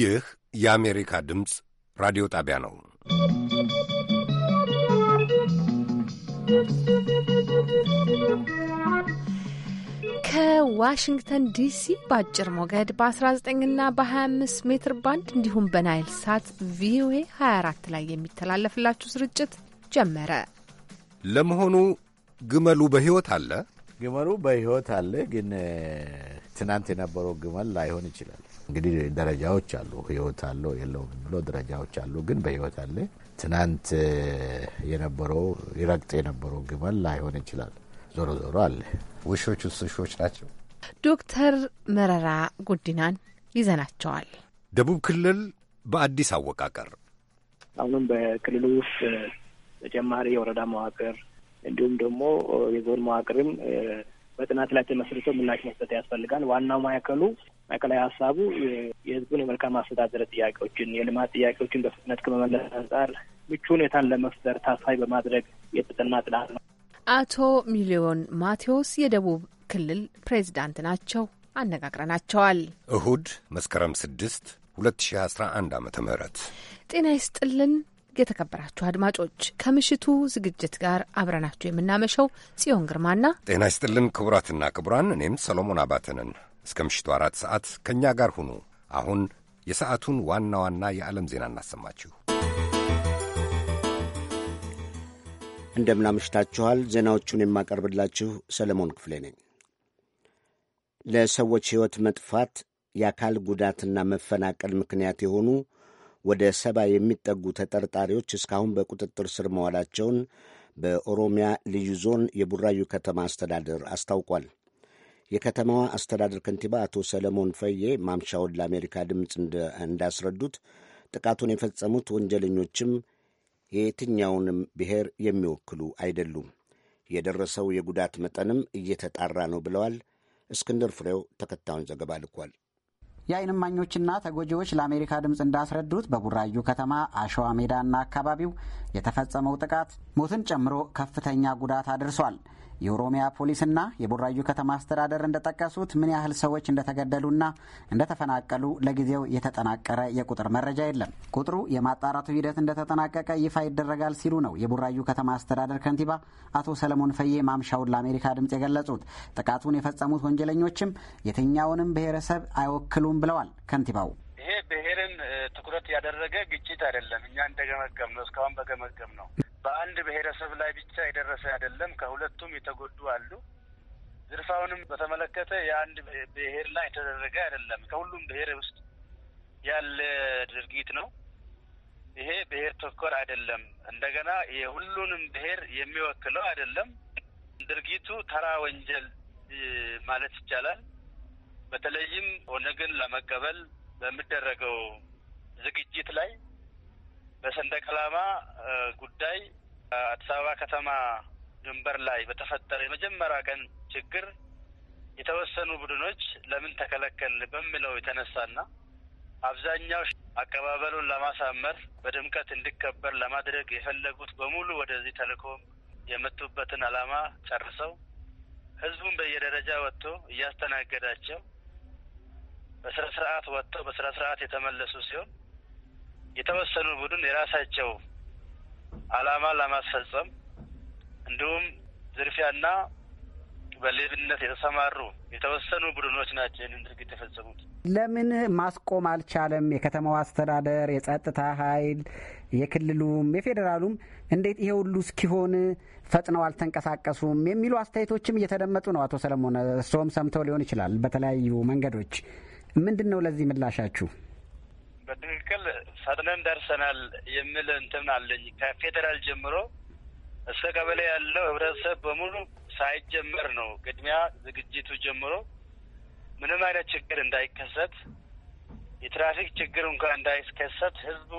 ይህ የአሜሪካ ድምፅ ራዲዮ ጣቢያ ነው። ከዋሽንግተን ዲሲ በአጭር ሞገድ በ19 ና በ25 ሜትር ባንድ እንዲሁም በናይል ሳት ቪኦኤ 24 ላይ የሚተላለፍላችሁ ስርጭት ጀመረ። ለመሆኑ ግመሉ በሕይወት አለ? ግመሉ በሕይወት አለ፣ ግን ትናንት የነበረው ግመል ላይሆን ይችላል። እንግዲህ ደረጃዎች አሉ። ህይወት አለው የለውም የምንለው ደረጃዎች አሉ። ግን በህይወት አለ። ትናንት የነበረው ይረግጥ የነበረው ግመል ላይሆን ይችላል። ዞሮ ዞሮ አለ። ውሾች ውስጥ ውሾች ናቸው። ዶክተር መረራ ጉዲናን ይዘናቸዋል። ደቡብ ክልል በአዲስ አወቃቀር አሁንም በክልሉ ውስጥ ተጨማሪ የወረዳ መዋቅር እንዲሁም ደግሞ የዞን መዋቅርም በጥናት ላይ ተመስርቶ ምላሽ መስጠት ያስፈልጋል። ዋናው ማዕከሉ ማዕከላዊ ሀሳቡ የህዝቡን የመልካም አስተዳደር ጥያቄዎችን፣ የልማት ጥያቄዎችን በፍጥነት ከመመለስ አንጻር ምቹ ሁኔታን ለመፍጠር ታሳቢ በማድረግ የተጠና ጥናት ነው። አቶ ሚሊዮን ማቴዎስ የደቡብ ክልል ፕሬዚዳንት ናቸው። አነጋግረናቸዋል። እሁድ መስከረም 6 2011 ዓ ም ጤና ይስጥልን የተከበራችሁ አድማጮች ከምሽቱ ዝግጅት ጋር አብረናችሁ የምናመሸው ጽዮን ግርማና ጤና ይስጥልን ክቡራትና ክቡራን እኔም ሰሎሞን አባተንን እስከ ምሽቱ አራት ሰዓት ከእኛ ጋር ሁኑ። አሁን የሰዓቱን ዋና ዋና የዓለም ዜና እናሰማችሁ። እንደምናምሽታችኋል። ዜናዎቹን የማቀርብላችሁ ሰለሞን ክፍሌ ነኝ። ለሰዎች ሕይወት መጥፋት የአካል ጉዳትና መፈናቀል ምክንያት የሆኑ ወደ ሰባ የሚጠጉ ተጠርጣሪዎች እስካሁን በቁጥጥር ስር መዋላቸውን በኦሮሚያ ልዩ ዞን የቡራዩ ከተማ አስተዳደር አስታውቋል። የከተማዋ አስተዳደር ከንቲባ አቶ ሰለሞን ፈዬ ማምሻውን ለአሜሪካ ድምፅ እንዳስረዱት ጥቃቱን የፈጸሙት ወንጀለኞችም የየትኛውንም ብሔር የሚወክሉ አይደሉም። የደረሰው የጉዳት መጠንም እየተጣራ ነው ብለዋል። እስክንድር ፍሬው ተከታዩን ዘገባ ልኳል። የዓይን እማኞችና ተጎጂዎች ለአሜሪካ ድምፅ እንዳስረዱት በቡራዩ ከተማ አሸዋ ሜዳና አካባቢው የተፈጸመው ጥቃት ሞትን ጨምሮ ከፍተኛ ጉዳት አድርሷል። የኦሮሚያ ፖሊስና የቡራዩ ከተማ አስተዳደር እንደጠቀሱት ምን ያህል ሰዎች እንደተገደሉና እንደተፈናቀሉ ለጊዜው የተጠናቀረ የቁጥር መረጃ የለም። ቁጥሩ የማጣራቱ ሂደት እንደተጠናቀቀ ይፋ ይደረጋል ሲሉ ነው የቡራዩ ከተማ አስተዳደር ከንቲባ አቶ ሰለሞን ፈዬ ማምሻውን ለአሜሪካ ድምፅ የገለጹት። ጥቃቱን የፈጸሙት ወንጀለኞችም የትኛውንም ብሔረሰብ አይወክሉም ብለዋል ከንቲባው። ይሄ ብሔርን ትኩረት ያደረገ ግጭት አይደለም። እኛ እንደገመገም ነው እስካሁን በገመገም ነው በአንድ ብሔረሰብ ላይ ብቻ የደረሰ አይደለም። ከሁለቱም የተጎዱ አሉ። ዝርፋውንም በተመለከተ የአንድ ብሔር ላይ የተደረገ አይደለም። ከሁሉም ብሔር ውስጥ ያለ ድርጊት ነው። ይሄ ብሔር ተኮር አይደለም። እንደገና የሁሉንም ብሔር የሚወክለው አይደለም። ድርጊቱ ተራ ወንጀል ማለት ይቻላል። በተለይም ኦነግን ለመቀበል በሚደረገው ዝግጅት ላይ በሰንደቅ ዓላማ ጉዳይ አዲስ አበባ ከተማ ድንበር ላይ በተፈጠረ የመጀመሪያ ቀን ችግር የተወሰኑ ቡድኖች ለምን ተከለከል በሚለው የተነሳና አብዛኛው አቀባበሉን ለማሳመር በድምቀት እንዲከበር ለማድረግ የፈለጉት በሙሉ ወደዚህ ተልእኮ የመጡበትን ዓላማ ጨርሰው ህዝቡን በየደረጃ ወጥቶ እያስተናገዳቸው በስነ ስርዓት ወጥተው በስነ ስርዓት የተመለሱ ሲሆን የተወሰኑ ቡድን የራሳቸው አላማ ለማስፈጸም እንዲሁም ዝርፊያና በሌብነት የተሰማሩ የተወሰኑ ቡድኖች ናቸው ይህንን ድርጊት የፈጸሙት። ለምን ማስቆም አልቻለም? የከተማው አስተዳደር፣ የጸጥታ ኃይል፣ የክልሉም የፌዴራሉም እንዴት ይሄ ሁሉ እስኪሆን ፈጥነው አልተንቀሳቀሱም የሚሉ አስተያየቶችም እየተደመጡ ነው። አቶ ሰለሞን እርስዎም ሰምተው ሊሆን ይችላል በተለያዩ መንገዶች። ምንድን ነው ለዚህ ምላሻችሁ? በትክክል ፈጥነን ደርሰናል የሚል እንትን አለኝ። ከፌዴራል ጀምሮ እስከ ቀበሌ ያለው ህብረተሰብ በሙሉ ሳይጀመር ነው ቅድሚያ ዝግጅቱ ጀምሮ ምንም አይነት ችግር እንዳይከሰት የትራፊክ ችግር እንኳን እንዳይከሰት ህዝቡ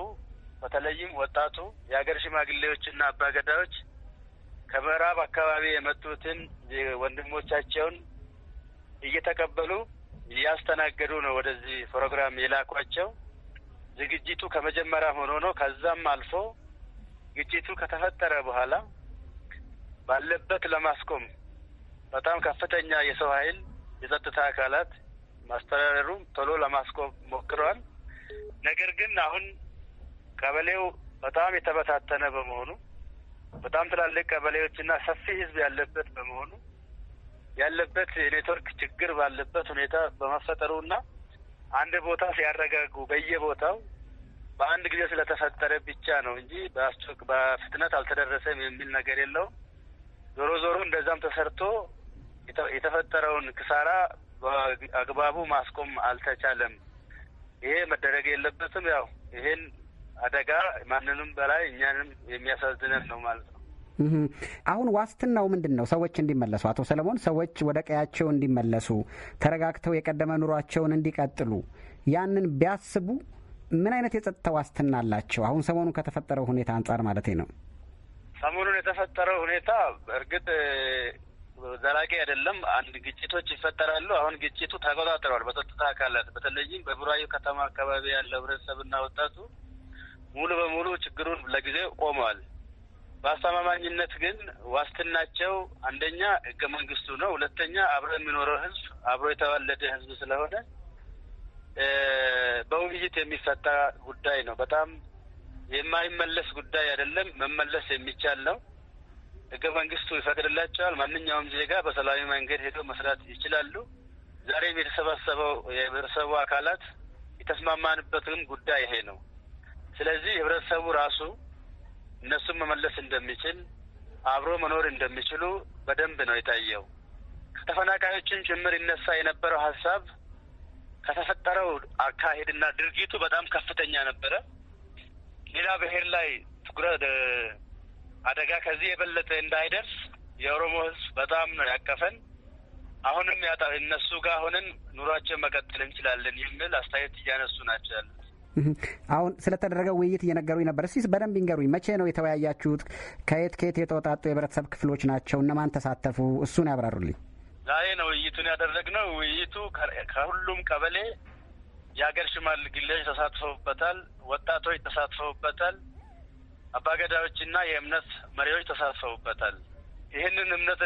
በተለይም ወጣቱ የሀገር ሽማግሌዎችና አባገዳዮች ከምዕራብ አካባቢ የመጡትን ወንድሞቻቸውን እየተቀበሉ እያስተናገዱ ነው ወደዚህ ፕሮግራም የላኳቸው። ዝግጅቱ ከመጀመሪያ ሆኖ ነው። ከዛም አልፎ ግጭቱ ከተፈጠረ በኋላ ባለበት ለማስቆም በጣም ከፍተኛ የሰው ኃይል፣ የጸጥታ አካላት ማስተዳደሩ ቶሎ ለማስቆም ሞክረዋል። ነገር ግን አሁን ቀበሌው በጣም የተበታተነ በመሆኑ በጣም ትላልቅ ቀበሌዎችና ሰፊ ሕዝብ ያለበት በመሆኑ ያለበት የኔትወርክ ችግር ባለበት ሁኔታ በመፈጠሩ ና። አንድ ቦታ ሲያረጋጉ በየቦታው በአንድ ጊዜ ስለተፈጠረ ብቻ ነው እንጂ በአስቸክ በፍጥነት አልተደረሰም የሚል ነገር የለውም። ዞሮ ዞሮ እንደዛም ተሰርቶ የተፈጠረውን ክሳራ በአግባቡ ማስቆም አልተቻለም። ይሄ መደረግ የለበትም። ያው ይሄን አደጋ ማንንም በላይ እኛንም የሚያሳዝነን ነው ማለት ነው። አሁን ዋስትናው ምንድን ነው? ሰዎች እንዲመለሱ አቶ ሰለሞን፣ ሰዎች ወደ ቀያቸው እንዲመለሱ ተረጋግተው የቀደመ ኑሯቸውን እንዲቀጥሉ ያንን ቢያስቡ ምን አይነት የጸጥታ ዋስትና አላቸው? አሁን ሰሞኑን ከተፈጠረው ሁኔታ አንጻር ማለት ነው። ሰሞኑን የተፈጠረው ሁኔታ እርግጥ ዘላቂ አይደለም። አንድ ግጭቶች ይፈጠራሉ። አሁን ግጭቱ ተቆጣጥረዋል በጸጥታ አካላት፣ በተለይም በቡራዩ ከተማ አካባቢ ያለው ህብረተሰብና ወጣቱ ሙሉ በሙሉ ችግሩን ለጊዜው ቆመዋል። በአስተማማኝነት ግን ዋስትናቸው አንደኛ ህገ መንግስቱ ነው። ሁለተኛ አብሮ የሚኖረው ህዝብ አብሮ የተዋለደ ህዝብ ስለሆነ በውይይት የሚፈታ ጉዳይ ነው። በጣም የማይመለስ ጉዳይ አይደለም። መመለስ የሚቻል ነው። ህገ መንግስቱ ይፈቅድላቸዋል። ማንኛውም ዜጋ በሰላማዊ መንገድ ሄደው መስራት ይችላሉ። ዛሬም የተሰባሰበው የህብረተሰቡ አካላት የተስማማንበትም ጉዳይ ይሄ ነው። ስለዚህ ህብረተሰቡ ራሱ እነሱን መመለስ እንደሚችል አብሮ መኖር እንደሚችሉ በደንብ ነው የታየው። ከተፈናቃዮችን ጭምር ይነሳ የነበረው ሀሳብ ከተፈጠረው አካሄድና ድርጊቱ በጣም ከፍተኛ ነበረ። ሌላ ብሔር ላይ ትኩረት አደጋ ከዚህ የበለጠ እንዳይደርስ የኦሮሞ ሕዝብ በጣም ነው ያቀፈን። አሁንም እነሱ ጋር ሆነን ኑሯቸው መቀጠል እንችላለን የሚል አስተያየት እያነሱ ናቸው ያለ አሁን ስለተደረገው ውይይት እየነገሩኝ ነበር። እስኪ በደንብ ይንገሩኝ። መቼ ነው የተወያያችሁት? ከየት ከየት የተወጣጡ የህብረተሰብ ክፍሎች ናቸው? እነማን ተሳተፉ? እሱን ያብራሩልኝ። ዛሬ ነው ውይይቱን ያደረግነው። ውይይቱ ከሁሉም ቀበሌ የሀገር ሽማግሌዎች ተሳትፈውበታል። ወጣቶች ተሳትፈውበታል። አባገዳዮችና የእምነት መሪዎች ተሳትፈውበታል። ይህንን እምነት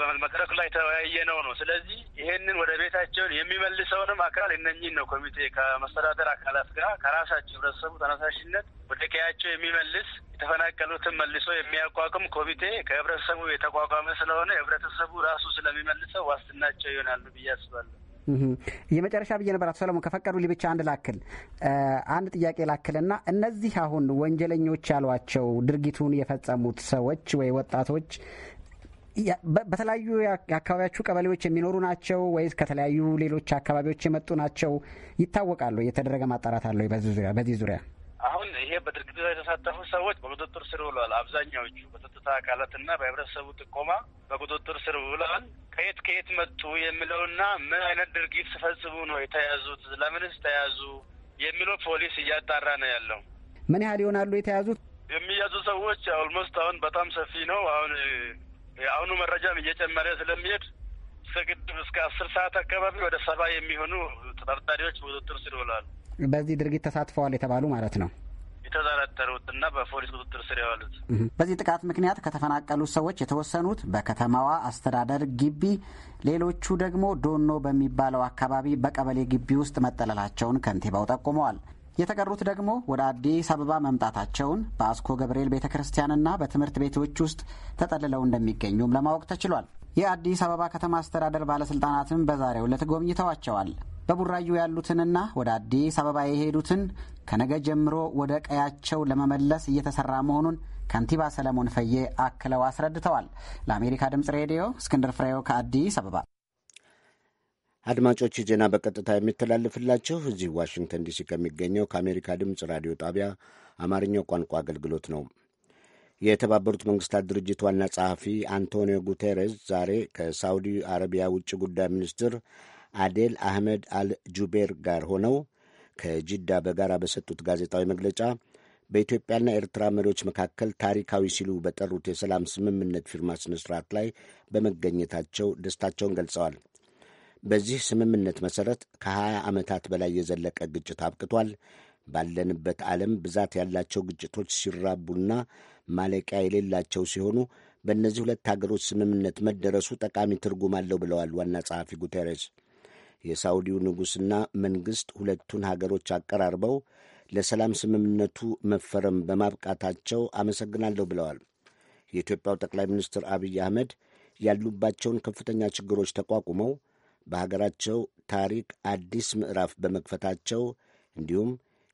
በመድረክ ላይ ተወያየነው ነው። ስለዚህ ይህንን ወደ ቤታቸውን የሚመልሰውንም አካል እነኝን ነው ኮሚቴ ከመስተዳደር አካላት ጋር ከራሳቸው ህብረተሰቡ ተነሳሽነት ወደ ቀያቸው የሚመልስ የተፈናቀሉትን መልሶ የሚያቋቁም ኮሚቴ ከህብረተሰቡ የተቋቋመ ስለሆነ ህብረተሰቡ ራሱ ስለሚመልሰው ዋስትናቸው ይሆናሉ ብዬ አስባለሁ። የመጨረሻ ብዬ ነበር አቶ ሰለሞን ከፈቀዱ ሊ ብቻ አንድ ላክል አንድ ጥያቄ ላክልና እነዚህ አሁን ወንጀለኞች ያሏቸው ድርጊቱን የፈጸሙት ሰዎች ወይ ወጣቶች በተለያዩ የአካባቢያችሁ ቀበሌዎች የሚኖሩ ናቸው ወይስ ከተለያዩ ሌሎች አካባቢዎች የመጡ ናቸው? ይታወቃሉ? የተደረገ ማጣራት አለው በዚህ ዙሪያ? አሁን ይሄ በድርጊቱ ላይ የተሳተፉ ሰዎች በቁጥጥር ስር ውለዋል። አብዛኛዎቹ በጸጥታ አካላትና በህብረተሰቡ ጥቆማ በቁጥጥር ስር ውለዋል። ከየት ከየት መጡ የሚለውና ምን አይነት ድርጊት ሲፈጽሙ ነው የተያዙት፣ ለምንስ ተያዙ የሚለው ፖሊስ እያጣራ ነው ያለው። ምን ያህል ይሆናሉ የተያዙት? የሚያዙ ሰዎች ኦልሞስት አሁን በጣም ሰፊ ነው አሁን የአሁኑ መረጃም እየጨመረ ስለሚሄድ ስግድብ እስከ አስር ሰዓት አካባቢ ወደ ሰባ የሚሆኑ ተጠርጣሪዎች ቁጥጥር ስር ውለዋል። በዚህ ድርጊት ተሳትፈዋል የተባሉ ማለት ነው የተጠረጠሩት እና በፖሊስ ቁጥጥር ስር የዋሉት። በዚህ ጥቃት ምክንያት ከተፈናቀሉት ሰዎች የተወሰኑት በከተማዋ አስተዳደር ግቢ፣ ሌሎቹ ደግሞ ዶኖ በሚባለው አካባቢ በቀበሌ ግቢ ውስጥ መጠለላቸውን ከንቲባው ጠቁመዋል። የተቀሩት ደግሞ ወደ አዲስ አበባ መምጣታቸውን በአስኮ ገብርኤል ቤተ ክርስቲያንና በትምህርት ቤቶች ውስጥ ተጠልለው እንደሚገኙም ለማወቅ ተችሏል። የአዲስ አበባ ከተማ አስተዳደር ባለስልጣናትም በዛሬው ዕለት ጎብኝተዋቸዋል። በቡራዩ ያሉትንና ወደ አዲስ አበባ የሄዱትን ከነገ ጀምሮ ወደ ቀያቸው ለመመለስ እየተሰራ መሆኑን ከንቲባ ሰለሞን ፈዬ አክለው አስረድተዋል። ለአሜሪካ ድምፅ ሬዲዮ እስክንድር ፍሬው ከአዲስ አበባ አድማጮች ዜና በቀጥታ የሚተላለፍላችሁ እዚህ ዋሽንግተን ዲሲ ከሚገኘው ከአሜሪካ ድምፅ ራዲዮ ጣቢያ አማርኛው ቋንቋ አገልግሎት ነው። የተባበሩት መንግስታት ድርጅት ዋና ጸሐፊ አንቶኒዮ ጉቴሬስ ዛሬ ከሳውዲ አረቢያ ውጭ ጉዳይ ሚኒስትር አዴል አህመድ አል ጁቤር ጋር ሆነው ከጂዳ በጋራ በሰጡት ጋዜጣዊ መግለጫ በኢትዮጵያና ኤርትራ መሪዎች መካከል ታሪካዊ ሲሉ በጠሩት የሰላም ስምምነት ፊርማ ስነ ስርዓት ላይ በመገኘታቸው ደስታቸውን ገልጸዋል። በዚህ ስምምነት መሠረት ከ20 ዓመታት በላይ የዘለቀ ግጭት አብቅቷል። ባለንበት ዓለም ብዛት ያላቸው ግጭቶች ሲራቡና ማለቂያ የሌላቸው ሲሆኑ በእነዚህ ሁለት አገሮች ስምምነት መደረሱ ጠቃሚ ትርጉም አለው ብለዋል ዋና ጸሐፊ ጉቴሬስ። የሳውዲው ንጉሥና መንግሥት ሁለቱን ሀገሮች አቀራርበው ለሰላም ስምምነቱ መፈረም በማብቃታቸው አመሰግናለሁ ብለዋል። የኢትዮጵያው ጠቅላይ ሚኒስትር አብይ አህመድ ያሉባቸውን ከፍተኛ ችግሮች ተቋቁመው በሀገራቸው ታሪክ አዲስ ምዕራፍ በመክፈታቸው እንዲሁም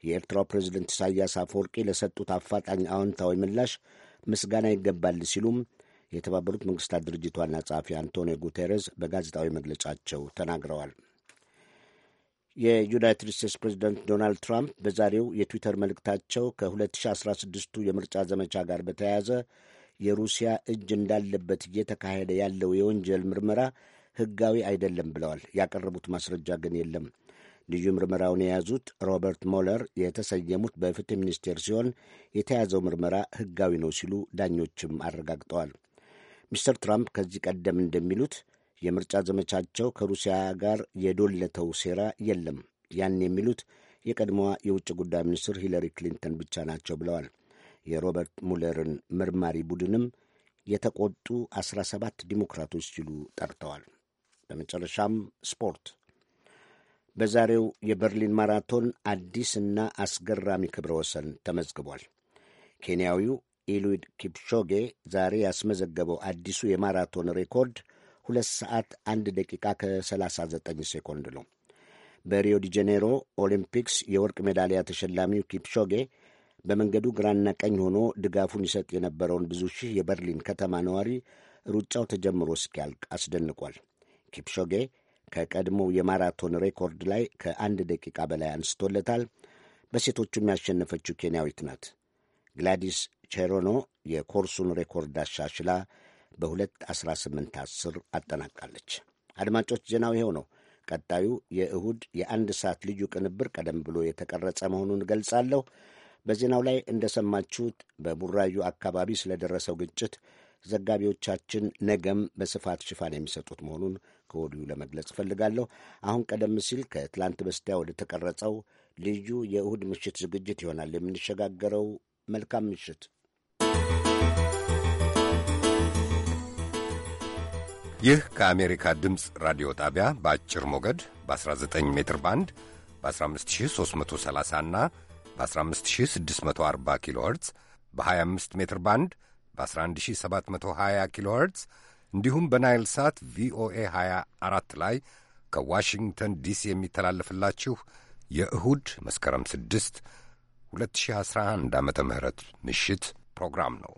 የኤርትራው ፕሬዝደንት ኢሳያስ አፈወርቂ ለሰጡት አፋጣኝ አዎንታዊ ምላሽ ምስጋና ይገባል ሲሉም የተባበሩት መንግስታት ድርጅት ዋና ጸሐፊ አንቶኒዮ ጉቴሬዝ በጋዜጣዊ መግለጫቸው ተናግረዋል። የዩናይትድ ስቴትስ ፕሬዝደንት ዶናልድ ትራምፕ በዛሬው የትዊተር መልእክታቸው ከ2016ቱ የምርጫ ዘመቻ ጋር በተያያዘ የሩሲያ እጅ እንዳለበት እየተካሄደ ያለው የወንጀል ምርመራ ሕጋዊ አይደለም ብለዋል። ያቀረቡት ማስረጃ ግን የለም። ልዩ ምርመራውን የያዙት ሮበርት ሞለር የተሰየሙት በፍትህ ሚኒስቴር ሲሆን የተያዘው ምርመራ ሕጋዊ ነው ሲሉ ዳኞችም አረጋግጠዋል። ሚስተር ትራምፕ ከዚህ ቀደም እንደሚሉት የምርጫ ዘመቻቸው ከሩሲያ ጋር የዶለተው ሴራ የለም። ያን የሚሉት የቀድሞዋ የውጭ ጉዳይ ሚኒስትር ሂለሪ ክሊንተን ብቻ ናቸው ብለዋል። የሮበርት ሙለርን መርማሪ ቡድንም የተቆጡ 17 ዲሞክራቶች ሲሉ ጠርተዋል። በመጨረሻም ስፖርት። በዛሬው የበርሊን ማራቶን አዲስና አስገራሚ ክብረ ወሰን ተመዝግቧል። ኬንያዊው ኢሉድ ኪፕሾጌ ዛሬ ያስመዘገበው አዲሱ የማራቶን ሬኮርድ ሁለት ሰዓት አንድ ደቂቃ ከ39 ሴኮንድ ነው። በሪዮ ዲ ጄኔሮ ኦሊምፒክስ የወርቅ ሜዳሊያ ተሸላሚው ኪፕሾጌ በመንገዱ ግራና ቀኝ ሆኖ ድጋፉን ይሰጥ የነበረውን ብዙ ሺህ የበርሊን ከተማ ነዋሪ ሩጫው ተጀምሮ እስኪያልቅ አስደንቋል። ኪፕሾጌ ከቀድሞው የማራቶን ሬኮርድ ላይ ከአንድ ደቂቃ በላይ አንስቶለታል። በሴቶቹም ያሸነፈችው ኬንያዊት ናት። ግላዲስ ቼሮኖ የኮርሱን ሬኮርድ አሻሽላ በ218 10 አጠናቃለች። አድማጮች ዜናው ይኸው ነው። ቀጣዩ የእሁድ የአንድ ሰዓት ልዩ ቅንብር ቀደም ብሎ የተቀረጸ መሆኑን ገልጻለሁ። በዜናው ላይ እንደሰማችሁት በቡራዩ አካባቢ ስለደረሰው ግጭት ዘጋቢዎቻችን ነገም በስፋት ሽፋን የሚሰጡት መሆኑን ከወዲሁ ለመግለጽ እፈልጋለሁ። አሁን ቀደም ሲል ከትላንት በስቲያ ወደ ተቀረጸው ልዩ የእሁድ ምሽት ዝግጅት ይሆናል የምንሸጋገረው። መልካም ምሽት። ይህ ከአሜሪካ ድምፅ ራዲዮ ጣቢያ በአጭር ሞገድ በ19 ሜትር ባንድ በ15330 እና በ15640 ኪሎ ኸርትዝ በ25 ሜትር ባንድ በ11720 ኪሎ ኸርትዝ እንዲሁም በናይል ሳት ቪኦኤ 24 ላይ ከዋሽንግተን ዲሲ የሚተላለፍላችሁ የእሁድ መስከረም 6 2011 ዓ ም ምሽት ፕሮግራም ነው።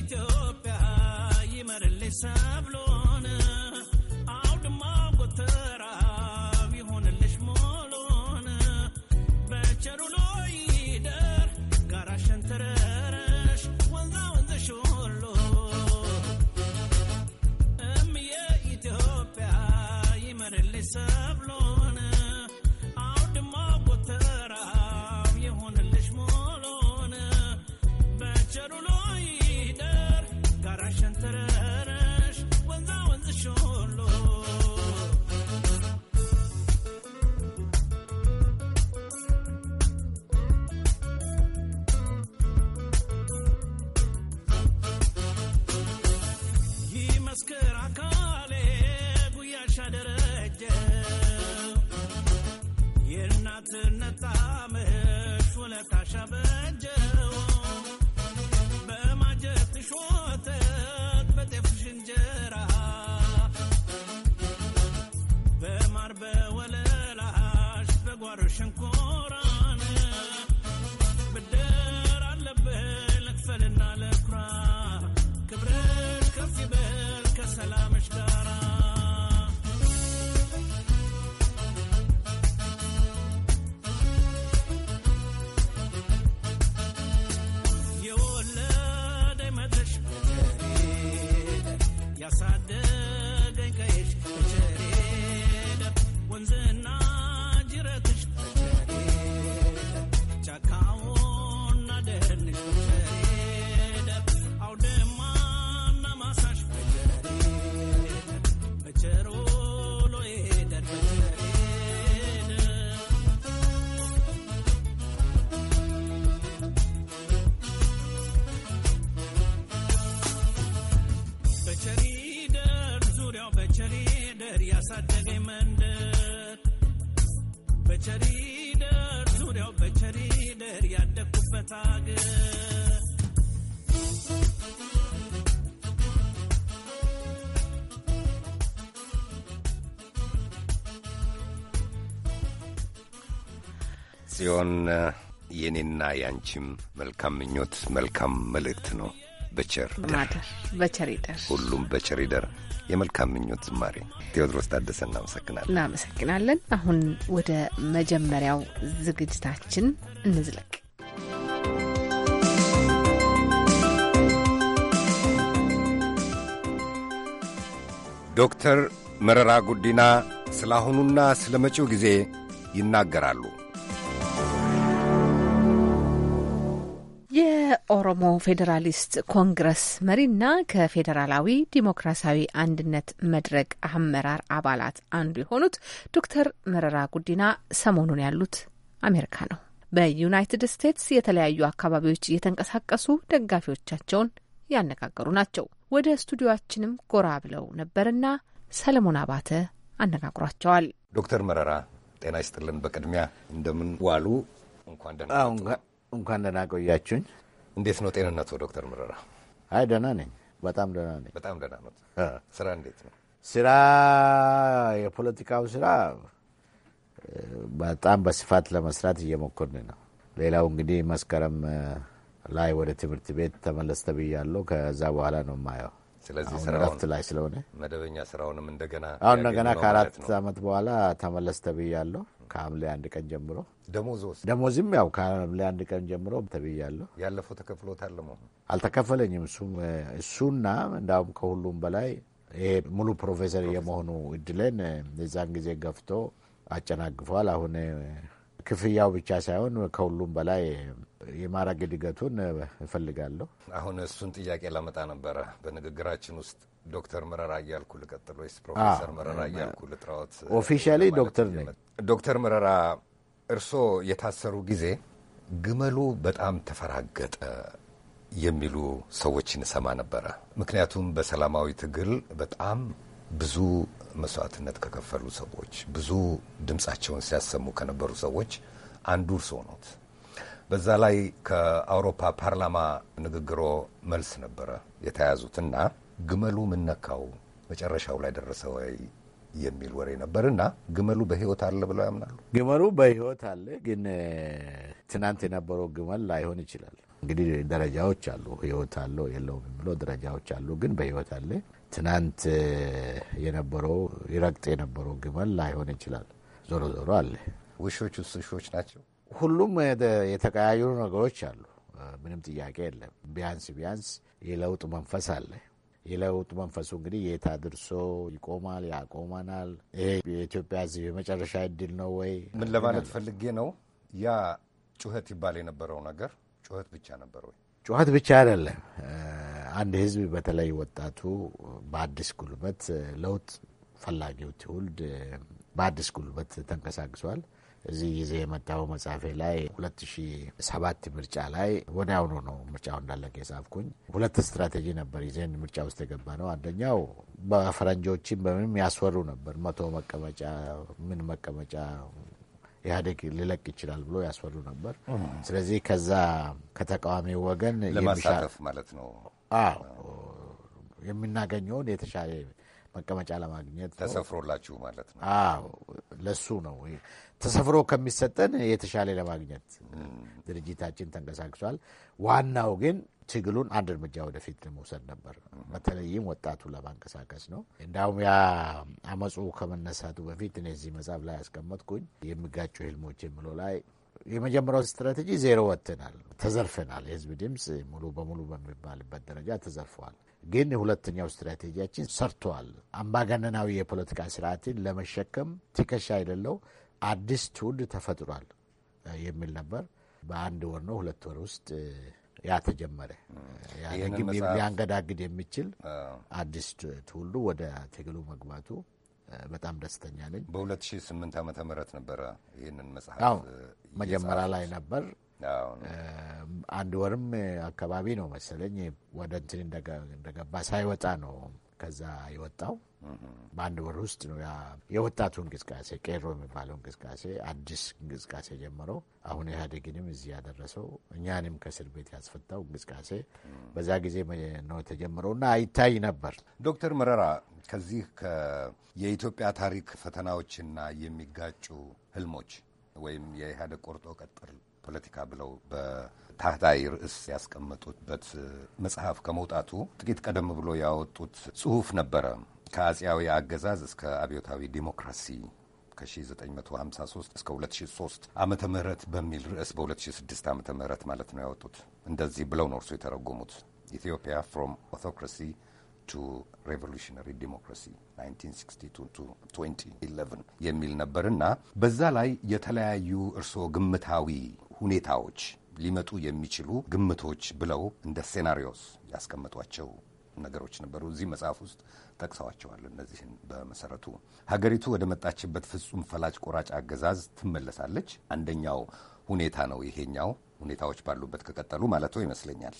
ኢትዮጵያ ሳብሎ ያሳደገ መንደር በቸሪደር ዙሪያው በቸሪደር ያደግኩበት አገር ጽዮን የኔና ያንቺም መልካም ምኞት መልካም መልእክት ነው። በቸር ማደር በቸር ይደር ሁሉም በቸር ይደር የመልካም ምኞት ዝማሬ ቴዎድሮስ ታደሰ እናመሰግናለን እናመሰግናለን አሁን ወደ መጀመሪያው ዝግጅታችን እንዝለቅ ዶክተር መረራ ጉዲና ስለ አሁኑና ስለ መጪው ጊዜ ይናገራሉ የኦሮሞ ፌዴራሊስት ኮንግረስ መሪና ከፌዴራላዊ ዲሞክራሲያዊ አንድነት መድረክ አመራር አባላት አንዱ የሆኑት ዶክተር መረራ ጉዲና ሰሞኑን ያሉት አሜሪካ ነው። በዩናይትድ ስቴትስ የተለያዩ አካባቢዎች እየተንቀሳቀሱ ደጋፊዎቻቸውን ያነጋገሩ ናቸው። ወደ ስቱዲዮችንም ጎራ ብለው ነበርና ሰለሞን አባተ አነጋግሯቸዋል። ዶክተር መረራ ጤና ይስጥልን። በቅድሚያ እንደምን ዋሉ? እንኳን ደህና እንኳን ደህና ቆያችሁኝ። እንዴት ነው ጤንነቱ ዶክተር ምረራ? አይ ደህና ነኝ፣ በጣም ደህና ነኝ። በጣም ደህና ነው። ስራ እንዴት ነው? ስራ የፖለቲካው ስራ በጣም በስፋት ለመስራት እየሞከርን ነው። ሌላው እንግዲህ መስከረም ላይ ወደ ትምህርት ቤት ተመለስ ተብያለሁ። ከዛ በኋላ ነው የማየው ስለዚህ ረፍት ላይ ስለሆነ መደበኛ ስራውንም እንደገና አሁን እንደገና ከአራት አመት በኋላ ተመለስ ተብያለሁ። ከሐምሌ አንድ ቀን ጀምሮ ደሞዝ ደሞዝም ያው ከሐምሌ አንድ ቀን ጀምሮ ተብያለሁ። ያለፈው ተከፍሎታል። ለመሆኑ አልተከፈለኝም። እሱም እሱና እንዳውም ከሁሉም በላይ ይሄ ሙሉ ፕሮፌሰር የመሆኑ እድለን የዛን ጊዜ ገፍቶ አጨናግፏል። አሁን ክፍያው ብቻ ሳይሆን ከሁሉም በላይ የማረግ እድገቱን እፈልጋለሁ። አሁን እሱን ጥያቄ ላመጣ ነበረ በንግግራችን ውስጥ ዶክተር መረራ እያልኩ ልቀጥል ወይስ ፕሮፌሰር መረራ እያልኩ ልጥራዎት? ኦፊሻሊ ዶክተር ነኝ። ዶክተር መረራ እርስዎ የታሰሩ ጊዜ ግመሉ በጣም ተፈራገጠ የሚሉ ሰዎችን እሰማ ነበረ። ምክንያቱም በሰላማዊ ትግል በጣም ብዙ መስዋዕትነት ከከፈሉ ሰዎች፣ ብዙ ድምፃቸውን ሲያሰሙ ከነበሩ ሰዎች አንዱ እርስዎ ኖት። በዛ ላይ ከአውሮፓ ፓርላማ ንግግሮ መልስ ነበረ የተያዙትና ግመሉ ምነካው መጨረሻው ላይ ደረሰ ወይ የሚል ወሬ ነበር እና ግመሉ በህይወት አለ ብለው ያምናሉ? ግመሉ በህይወት አለ፣ ግን ትናንት የነበረው ግመል ላይሆን ይችላል። እንግዲህ ደረጃዎች አሉ። ህይወት አለው የለውም የሚለው ደረጃዎች አሉ። ግን በህይወት አለ። ትናንት የነበረው ይረግጥ የነበረው ግመል ላይሆን ይችላል። ዞሮ ዞሮ አለ። ውሾች ውስጥ ውሾች ናቸው። ሁሉም የተቀያየሩ ነገሮች አሉ። ምንም ጥያቄ የለም። ቢያንስ ቢያንስ የለውጥ መንፈስ አለ። የለውጥ መንፈሱ እንግዲህ የት አድርሶ ይቆማል ያቆመናል? ይሄ የኢትዮጵያ ሕዝብ የመጨረሻ እድል ነው ወይ? ምን ለማለት ፈልጌ ነው፣ ያ ጩኸት ይባል የነበረው ነገር ጩኸት ብቻ ነበር ወይ? ጩኸት ብቻ አይደለም። አንድ ህዝብ በተለይ ወጣቱ በአዲስ ጉልበት ለውጥ ፈላጊው ትውልድ በአዲስ ጉልበት ተንቀሳቅሷል። እዚህ ይዜ የመጣው መጽሐፌ ላይ ሁለት ሺ ሰባት ምርጫ ላይ ወዲያውኑ ነው ምርጫው እንዳለቀ የጻፍኩኝ። ሁለት ስትራቴጂ ነበር ይዜን ምርጫ ውስጥ የገባ ነው። አንደኛው በፈረንጆችን በምንም ያስወሩ ነበር። መቶ መቀመጫ ምን መቀመጫ ኢህአዴግ ሊለቅ ይችላል ብሎ ያስፈሩ ነበር። ስለዚህ ከዛ ከተቃዋሚ ወገን ለማሳረፍ ማለት ነው አዎ የምናገኘውን የተሻለ መቀመጫ ለማግኘት ተሰፍሮላችሁ ማለት ነው። አዎ ለሱ ነው ተሰፍሮ ከሚሰጠን የተሻለ ለማግኘት ድርጅታችን ተንቀሳቅሷል። ዋናው ግን ትግሉን አንድ እርምጃ ወደፊት ለመውሰድ ነበር። በተለይም ወጣቱ ለማንቀሳቀስ ነው። እንዳውም ያ አመፁ ከመነሳቱ በፊት እኔ እዚህ መጽሐፍ ላይ ያስቀመጥኩኝ የሚጋጩ ህልሞች የምለው ላይ የመጀመሪያው ስትራቴጂ ዜሮ ወጥተናል፣ ተዘርፈናል። የህዝብ ድምፅ ሙሉ በሙሉ በሚባልበት ደረጃ ተዘርፈዋል። ግን ሁለተኛው ስትራቴጂያችን ሰርተዋል። አምባገነናዊ የፖለቲካ ስርዓትን ለመሸከም ትከሻ የሌለው አዲስ ትውልድ ተፈጥሯል የሚል ነበር። በአንድ ወር ነው ሁለት ወር ውስጥ ያ ተጀመረ። ሊያንገዳግድ የሚችል አዲስ ትውልዱ ወደ ትግሉ መግባቱ በጣም ደስተኛ ነኝ። በ2008 ዓ ም ነበረ ይህንን መጽሐፍ መጀመሪያ ላይ ነበር። አንድ ወርም አካባቢ ነው መሰለኝ ወደ እንትን እንደገባ ሳይወጣ ነው ከዛ የወጣው። በአንድ ወር ውስጥ ነው የወጣቱ እንቅስቃሴ ቄሮ የሚባለው እንቅስቃሴ አዲስ እንቅስቃሴ ጀምሮ አሁን ኢህአዴግንም እዚህ ያደረሰው እኛንም ከእስር ቤት ያስፈታው እንቅስቃሴ በዛ ጊዜ ነው የተጀመረው እና አይታይ ነበር። ዶክተር መረራ ከዚህ የኢትዮጵያ ታሪክ ፈተናዎችና የሚጋጩ ህልሞች ወይም የኢህአዴግ ቆርጦ ቀጥል ፖለቲካ ብለው በታህታይ ርዕስ ያስቀመጡበት መጽሐፍ ከመውጣቱ ጥቂት ቀደም ብሎ ያወጡት ጽሁፍ ነበረ። ከአጼያዊ አገዛዝ እስከ አብዮታዊ ዲሞክራሲ ከ1953 እስከ 2003 ዓመተ ምህረት በሚል ርዕስ በ2006 ዓመተ ምህረት ማለት ነው ያወጡት። እንደዚህ ብለው ነው እርሱ የተረጎሙት ኢትዮጵያ ፍሮም ኦቶክራሲ revolutionary democracy 1962-2011 የሚል ነበርና በዛ ላይ የተለያዩ እርስዎ ግምታዊ ሁኔታዎች ሊመጡ የሚችሉ ግምቶች ብለው እንደ ሴናሪዮስ ያስቀመጧቸው ነገሮች ነበሩ። እዚህ መጽሐፍ ውስጥ ጠቅሰዋቸዋል። እነዚህን በመሰረቱ ሀገሪቱ ወደ መጣችበት ፍጹም ፈላጭ ቆራጭ አገዛዝ ትመለሳለች አንደኛው ሁኔታ ነው። ይሄኛው ሁኔታዎች ባሉበት ከቀጠሉ ማለት ይመስለኛል።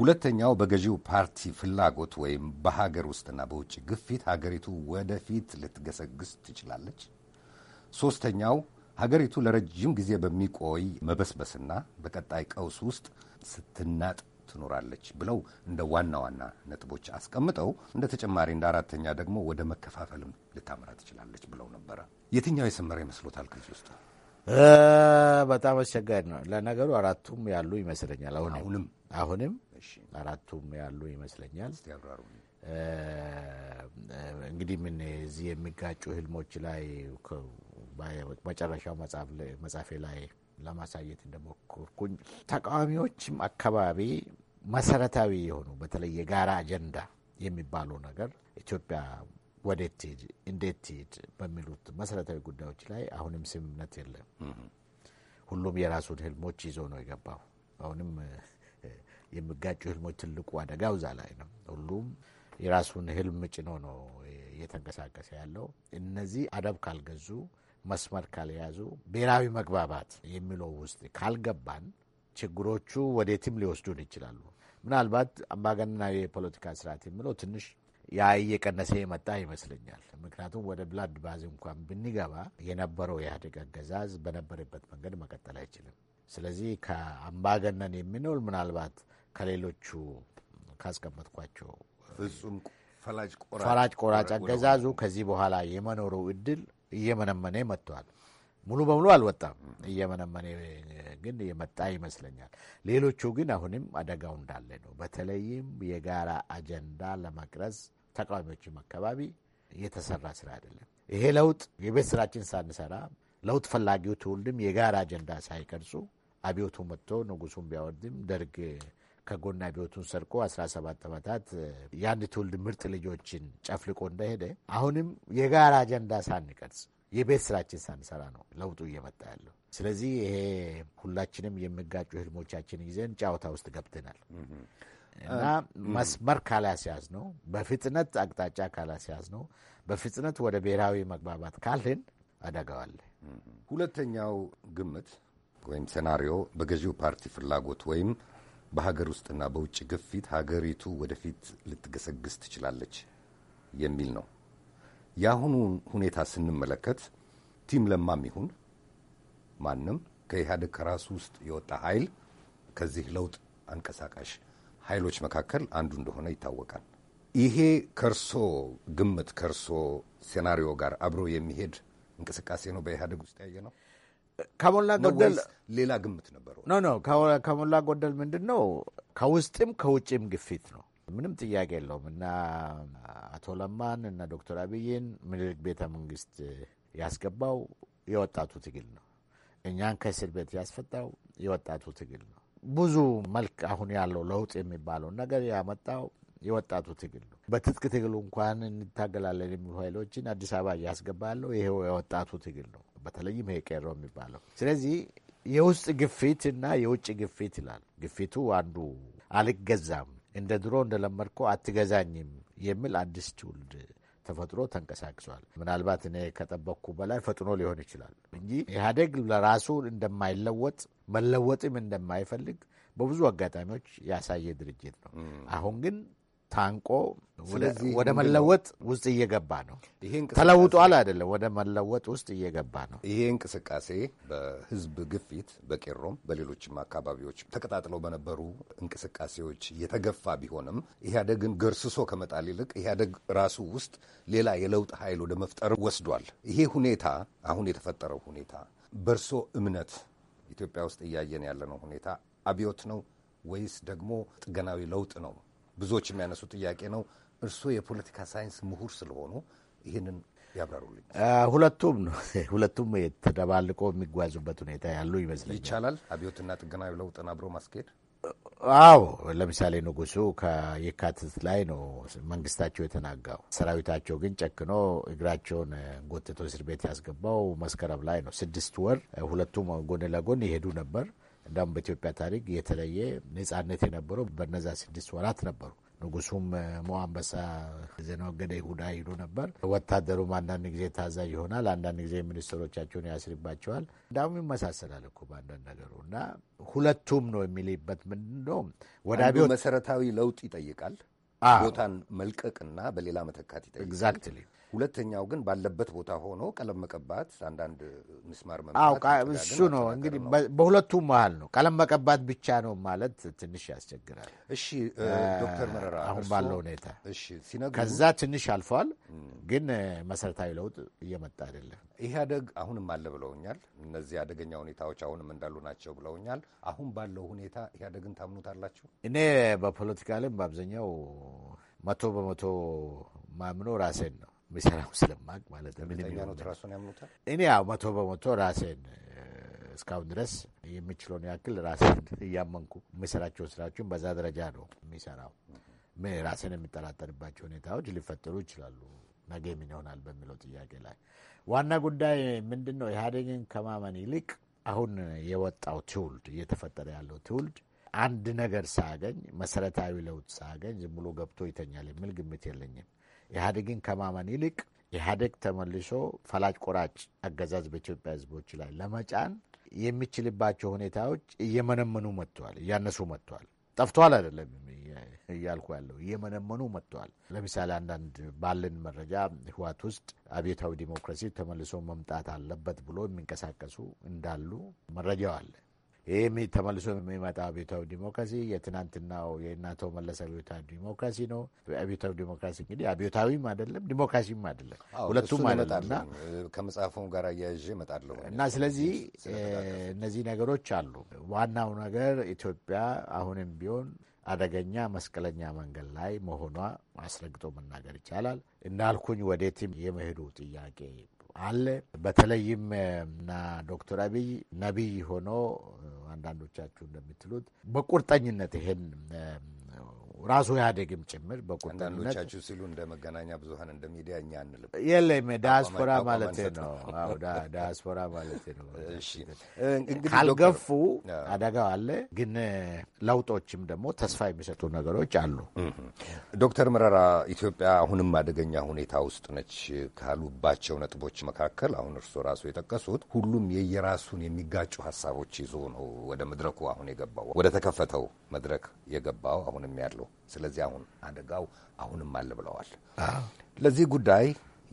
ሁለተኛው በገዢው ፓርቲ ፍላጎት ወይም በሀገር ውስጥና በውጭ ግፊት ሀገሪቱ ወደፊት ልትገሰግስ ትችላለች። ሶስተኛው ሀገሪቱ ለረጅም ጊዜ በሚቆይ መበስበስና በቀጣይ ቀውስ ውስጥ ስትናጥ ትኖራለች ብለው እንደ ዋና ዋና ነጥቦች አስቀምጠው እንደ ተጨማሪ እንደ አራተኛ ደግሞ ወደ መከፋፈልም ልታመራ ትችላለች ብለው ነበረ። የትኛው የሰመረ ይመስሎታል? ክፍል ውስጥ በጣም አስቸጋሪ ነው። ለነገሩ አራቱም ያሉ ይመስለኛል። አሁንም አሁንም አራቱም ያሉ ይመስለኛል። እንግዲህ ምን እዚህ የሚጋጩ ህልሞች ላይ መጨረሻው መጽሐፌ ላይ ለማሳየት እንደሞከርኩኝ ተቃዋሚዎችም አካባቢ መሰረታዊ የሆኑ በተለይ የጋራ አጀንዳ የሚባሉ ነገር ኢትዮጵያ ወዴት ትሄድ፣ እንዴት ትሄድ በሚሉት መሰረታዊ ጉዳዮች ላይ አሁንም ስምምነት የለም። ሁሉም የራሱን ህልሞች ይዞ ነው የገባው። አሁንም የሚጋጩ ህልሞች ትልቁ አደጋ እዛ ላይ ነው። ሁሉም የራሱን ህልም ጭኖ ነው እየተንቀሳቀሰ ያለው። እነዚህ አደብ ካልገዙ፣ መስመር ካልያዙ፣ ብሔራዊ መግባባት የሚለው ውስጥ ካልገባን ችግሮቹ ወዴትም ሊወስዱን ይችላሉ። ምናልባት አምባገነና የፖለቲካ ስርዓት የሚለው ትንሽ ያ እየቀነሰ የመጣ ይመስለኛል። ምክንያቱም ወደ ብላድ ባዝ እንኳን ብንገባ የነበረው የኢህአዴግ አገዛዝ በነበረበት መንገድ መቀጠል አይችልም። ስለዚህ ከአምባገነን የሚንውል ምናልባት ከሌሎቹ ካስቀመጥኳቸው ፍጹም ፈላጭ ቆራጭ አገዛዙ ከዚህ በኋላ የመኖሩ እድል እየመነመነ መጥቷል። ሙሉ በሙሉ አልወጣም፣ እየመነመነ ግን የመጣ ይመስለኛል። ሌሎቹ ግን አሁንም አደጋው እንዳለ ነው። በተለይም የጋራ አጀንዳ ለመቅረጽ ተቃዋሚዎችም አካባቢ የተሰራ ስራ አይደለም። ይሄ ለውጥ የቤት ስራችን ሳንሰራ ለውጥ ፈላጊው ትውልድም የጋራ አጀንዳ ሳይቀርጹ አብዮቱ መጥቶ ንጉሱን ቢያወርድም ደርግ ከጎና ቢወቱን ሰርቆ 17 ዓመታት የአንድ ትውልድ ምርጥ ልጆችን ጨፍልቆ እንደሄደ አሁንም የጋራ አጀንዳ ሳንቀርጽ የቤት ስራችን ሳንሰራ ነው ለውጡ እየመጣ ያለው። ስለዚህ ይሄ ሁላችንም የሚጋጩ ህልሞቻችን ይዘን ጨዋታ ውስጥ ገብተናል እና መስመር ካላስያዝ ነው በፍጥነት አቅጣጫ ካላስያዝ ነው በፍጥነት ወደ ብሔራዊ መግባባት ካልን አደጋዋል። ሁለተኛው ግምት ወይም ሴናሪዮ በገዢው ፓርቲ ፍላጎት ወይም በሀገር ውስጥና በውጭ ግፊት ሀገሪቱ ወደፊት ልትገሰግስ ትችላለች የሚል ነው። የአሁኑ ሁኔታ ስንመለከት ቲም ለማም ይሁን ማንም ከኢህአዴግ ከራሱ ውስጥ የወጣ ኃይል ከዚህ ለውጥ አንቀሳቃሽ ኃይሎች መካከል አንዱ እንደሆነ ይታወቃል። ይሄ ከእርሶ ግምት ከእርሶ ሴናሪዮ ጋር አብሮ የሚሄድ እንቅስቃሴ ነው በኢህአዴግ ውስጥ ያየ ነው? ከሞላ ጎደል ሌላ ግምት ነበረ። ኖ ኖ ከሞላ ጎደል ምንድን ነው ከውስጥም ከውጭም ግፊት ነው። ምንም ጥያቄ የለውም። እና አቶ ለማን እና ዶክተር አብይን ምኒልክ ቤተ መንግስት ያስገባው የወጣቱ ትግል ነው። እኛን ከእስር ቤት ያስፈታው የወጣቱ ትግል ነው። ብዙ መልክ አሁን ያለው ለውጥ የሚባለው ነገር ያመጣው የወጣቱ ትግል ነው። በትጥቅ ትግሉ እንኳን እንታገላለን የሚሉ ኃይሎችን አዲስ አበባ እያስገባ ያለው ይሄው የወጣቱ ትግል ነው። በተለይም ይሄ ቄሮ የሚባለው ስለዚህ የውስጥ ግፊት እና የውጭ ግፊት ይላል። ግፊቱ አንዱ አልገዛም፣ እንደ ድሮ እንደለመድኮ አትገዛኝም የሚል አዲስ ትውልድ ተፈጥሮ ተንቀሳቅሷል። ምናልባት እኔ ከጠበቅኩ በላይ ፈጥኖ ሊሆን ይችላል እንጂ ኢህአዴግ ለራሱ እንደማይለወጥ መለወጥም እንደማይፈልግ በብዙ አጋጣሚዎች ያሳየ ድርጅት ነው። አሁን ግን ታንቆ ወደ መለወጥ ውስጥ እየገባ ነው። ተለውጧል አይደለም፣ ወደ መለወጥ ውስጥ እየገባ ነው። ይሄ እንቅስቃሴ በህዝብ ግፊት በቄሮም በሌሎችም አካባቢዎች ተቀጣጥለው በነበሩ እንቅስቃሴዎች የተገፋ ቢሆንም ኢህአደግን ገርስሶ ከመጣል ይልቅ ኢህአደግ ራሱ ውስጥ ሌላ የለውጥ ኃይል ወደ መፍጠር ወስዷል። ይሄ ሁኔታ አሁን የተፈጠረው ሁኔታ በእርሶ እምነት ኢትዮጵያ ውስጥ እያየን ያለነው ሁኔታ አብዮት ነው ወይስ ደግሞ ጥገናዊ ለውጥ ነው? ብዙዎች የሚያነሱ ጥያቄ ነው። እርስዎ የፖለቲካ ሳይንስ ምሁር ስለሆኑ ይህንን ያብራሩልኝ። ሁለቱም ሁለቱም የተደባልቆ የሚጓዙበት ሁኔታ ያሉ ይመስለኛል። ይቻላል አብዮትና ጥገናዊ ለውጥን አብሮ ማስኬድ አዎ ለምሳሌ ንጉሱ ከየካቲት ላይ ነው መንግስታቸው የተናጋው። ሰራዊታቸው ግን ጨክኖ እግራቸውን ጎትቶ እስር ቤት ያስገባው መስከረም ላይ ነው። ስድስት ወር ሁለቱም ጎን ለጎን ይሄዱ ነበር። እንዳሁም በኢትዮጵያ ታሪክ የተለየ ነጻነት የነበረው በነዛ ስድስት ወራት ነበሩ። ንጉሱም ሞአንበሳ አንበሳ ዘነወገደ ይሁዳ ይሉ ነበር። ወታደሩም አንዳንድ ጊዜ ታዛዥ ይሆናል፣ አንዳንድ ጊዜ ሚኒስትሮቻቸውን ያስርባቸዋል። እንዳሁም ይመሳሰላል እኮ በአንዳንድ ነገሩ እና ሁለቱም ነው የሚልበት ምንድነው ወዳቢ መሰረታዊ ለውጥ ይጠይቃል። ቦታን መልቀቅና በሌላ መተካት ይጠይቃል። ኤግዛክትሊ ሁለተኛው ግን ባለበት ቦታ ሆኖ ቀለም መቀባት አንዳንድ ምስማር እሱ ነው እንግዲህ በሁለቱም መሀል ነው። ቀለም መቀባት ብቻ ነው ማለት ትንሽ ያስቸግራል። እሺ ዶክተር መረራ አሁን ባለው ሁኔታ ከዛ ትንሽ አልፏል፣ ግን መሰረታዊ ለውጥ እየመጣ አይደለም። ኢህአደግ አሁንም አለ ብለውኛል። እነዚህ አደገኛ ሁኔታዎች አሁንም እንዳሉ ናቸው ብለውኛል። አሁን ባለው ሁኔታ ኢህአደግን ታምኑታላችሁ? እኔ በፖለቲካ ላይም በአብዛኛው መቶ በመቶ ማምኖ ራሴን ነው የሚሰራው ስለማቅ ማለት ነው። እኔ ያው መቶ በመቶ ራሴን እስካሁን ድረስ የምችለውን ያክል ራሴን እያመንኩ የሚሰራቸውን ስራዎችን በዛ ደረጃ ነው የሚሰራው። ራሴን የሚጠራጠርባቸው ሁኔታዎች ሊፈጠሩ ይችላሉ። ነገ ምን ይሆናል በሚለው ጥያቄ ላይ ዋና ጉዳይ ምንድን ነው? ኢህአዴግን ከማመን ይልቅ አሁን የወጣው ትውልድ እየተፈጠረ ያለው ትውልድ አንድ ነገር ሳያገኝ መሰረታዊ ለውጥ ሳያገኝ ዝም ብሎ ገብቶ ይተኛል የሚል ግምት የለኝም። ኢህአዴግን ከማመን ይልቅ ኢህአዴግ ተመልሶ ፈላጭ ቆራጭ አገዛዝ በኢትዮጵያ ህዝቦች ላይ ለመጫን የሚችልባቸው ሁኔታዎች እየመነመኑ መጥተዋል፣ እያነሱ መጥተዋል። ጠፍቷል አይደለም እያልኩ ያለው እየመነመኑ መጥተዋል። ለምሳሌ አንዳንድ ባለን መረጃ ህዋት ውስጥ አብዮታዊ ዲሞክራሲ ተመልሶ መምጣት አለበት ብሎ የሚንቀሳቀሱ እንዳሉ መረጃው አለ። ይህ ተመልሶ የሚመጣ አብዮታዊ ዲሞክራሲ የትናንትናው የእናቶ መለስ አብዮታዊ ዲሞክራሲ ነው። አብዮታዊ ዲሞክራሲ እንግዲህ አብዮታዊም አይደለም፣ ዲሞክራሲም አይደለም፣ ሁለቱም አይደለምና ከመጽሐፉም ጋር አያይዤ እመጣለሁ እና ስለዚህ እነዚህ ነገሮች አሉ። ዋናው ነገር ኢትዮጵያ አሁንም ቢሆን አደገኛ መስቀለኛ መንገድ ላይ መሆኗ አስረግጦ መናገር ይቻላል። እንዳልኩኝ ወዴትም የመሄዱ ጥያቄ አለ። በተለይም እና ዶክተር አብይ ነቢይ ሆኖ አንዳንዶቻችሁ እንደምትሉት በቁርጠኝነት ይሄን ራሱ ኢህአዴግም ጭምር በቁጣቻችሁ ሲሉ እንደ መገናኛ ብዙሀን እንደ ሚዲያ እኛ አንልም። የለም ዳያስፖራ ማለት ነው። ዳያስፖራ ማለት ነው። ካልገፉ አደጋው አለ። ግን ለውጦችም ደግሞ ተስፋ የሚሰጡ ነገሮች አሉ። ዶክተር መረራ ኢትዮጵያ አሁንም አደገኛ ሁኔታ ውስጥ ነች ካሉባቸው ነጥቦች መካከል አሁን እርስዎ ራሱ የጠቀሱት ሁሉም የየራሱን የሚጋጩ ሀሳቦች ይዞ ነው ወደ መድረኩ አሁን የገባው ወደ ተከፈተው መድረክ የገባው አሁንም ያለው ስለዚህ አሁን አደጋው አሁንም አለ ብለዋል። ለዚህ ጉዳይ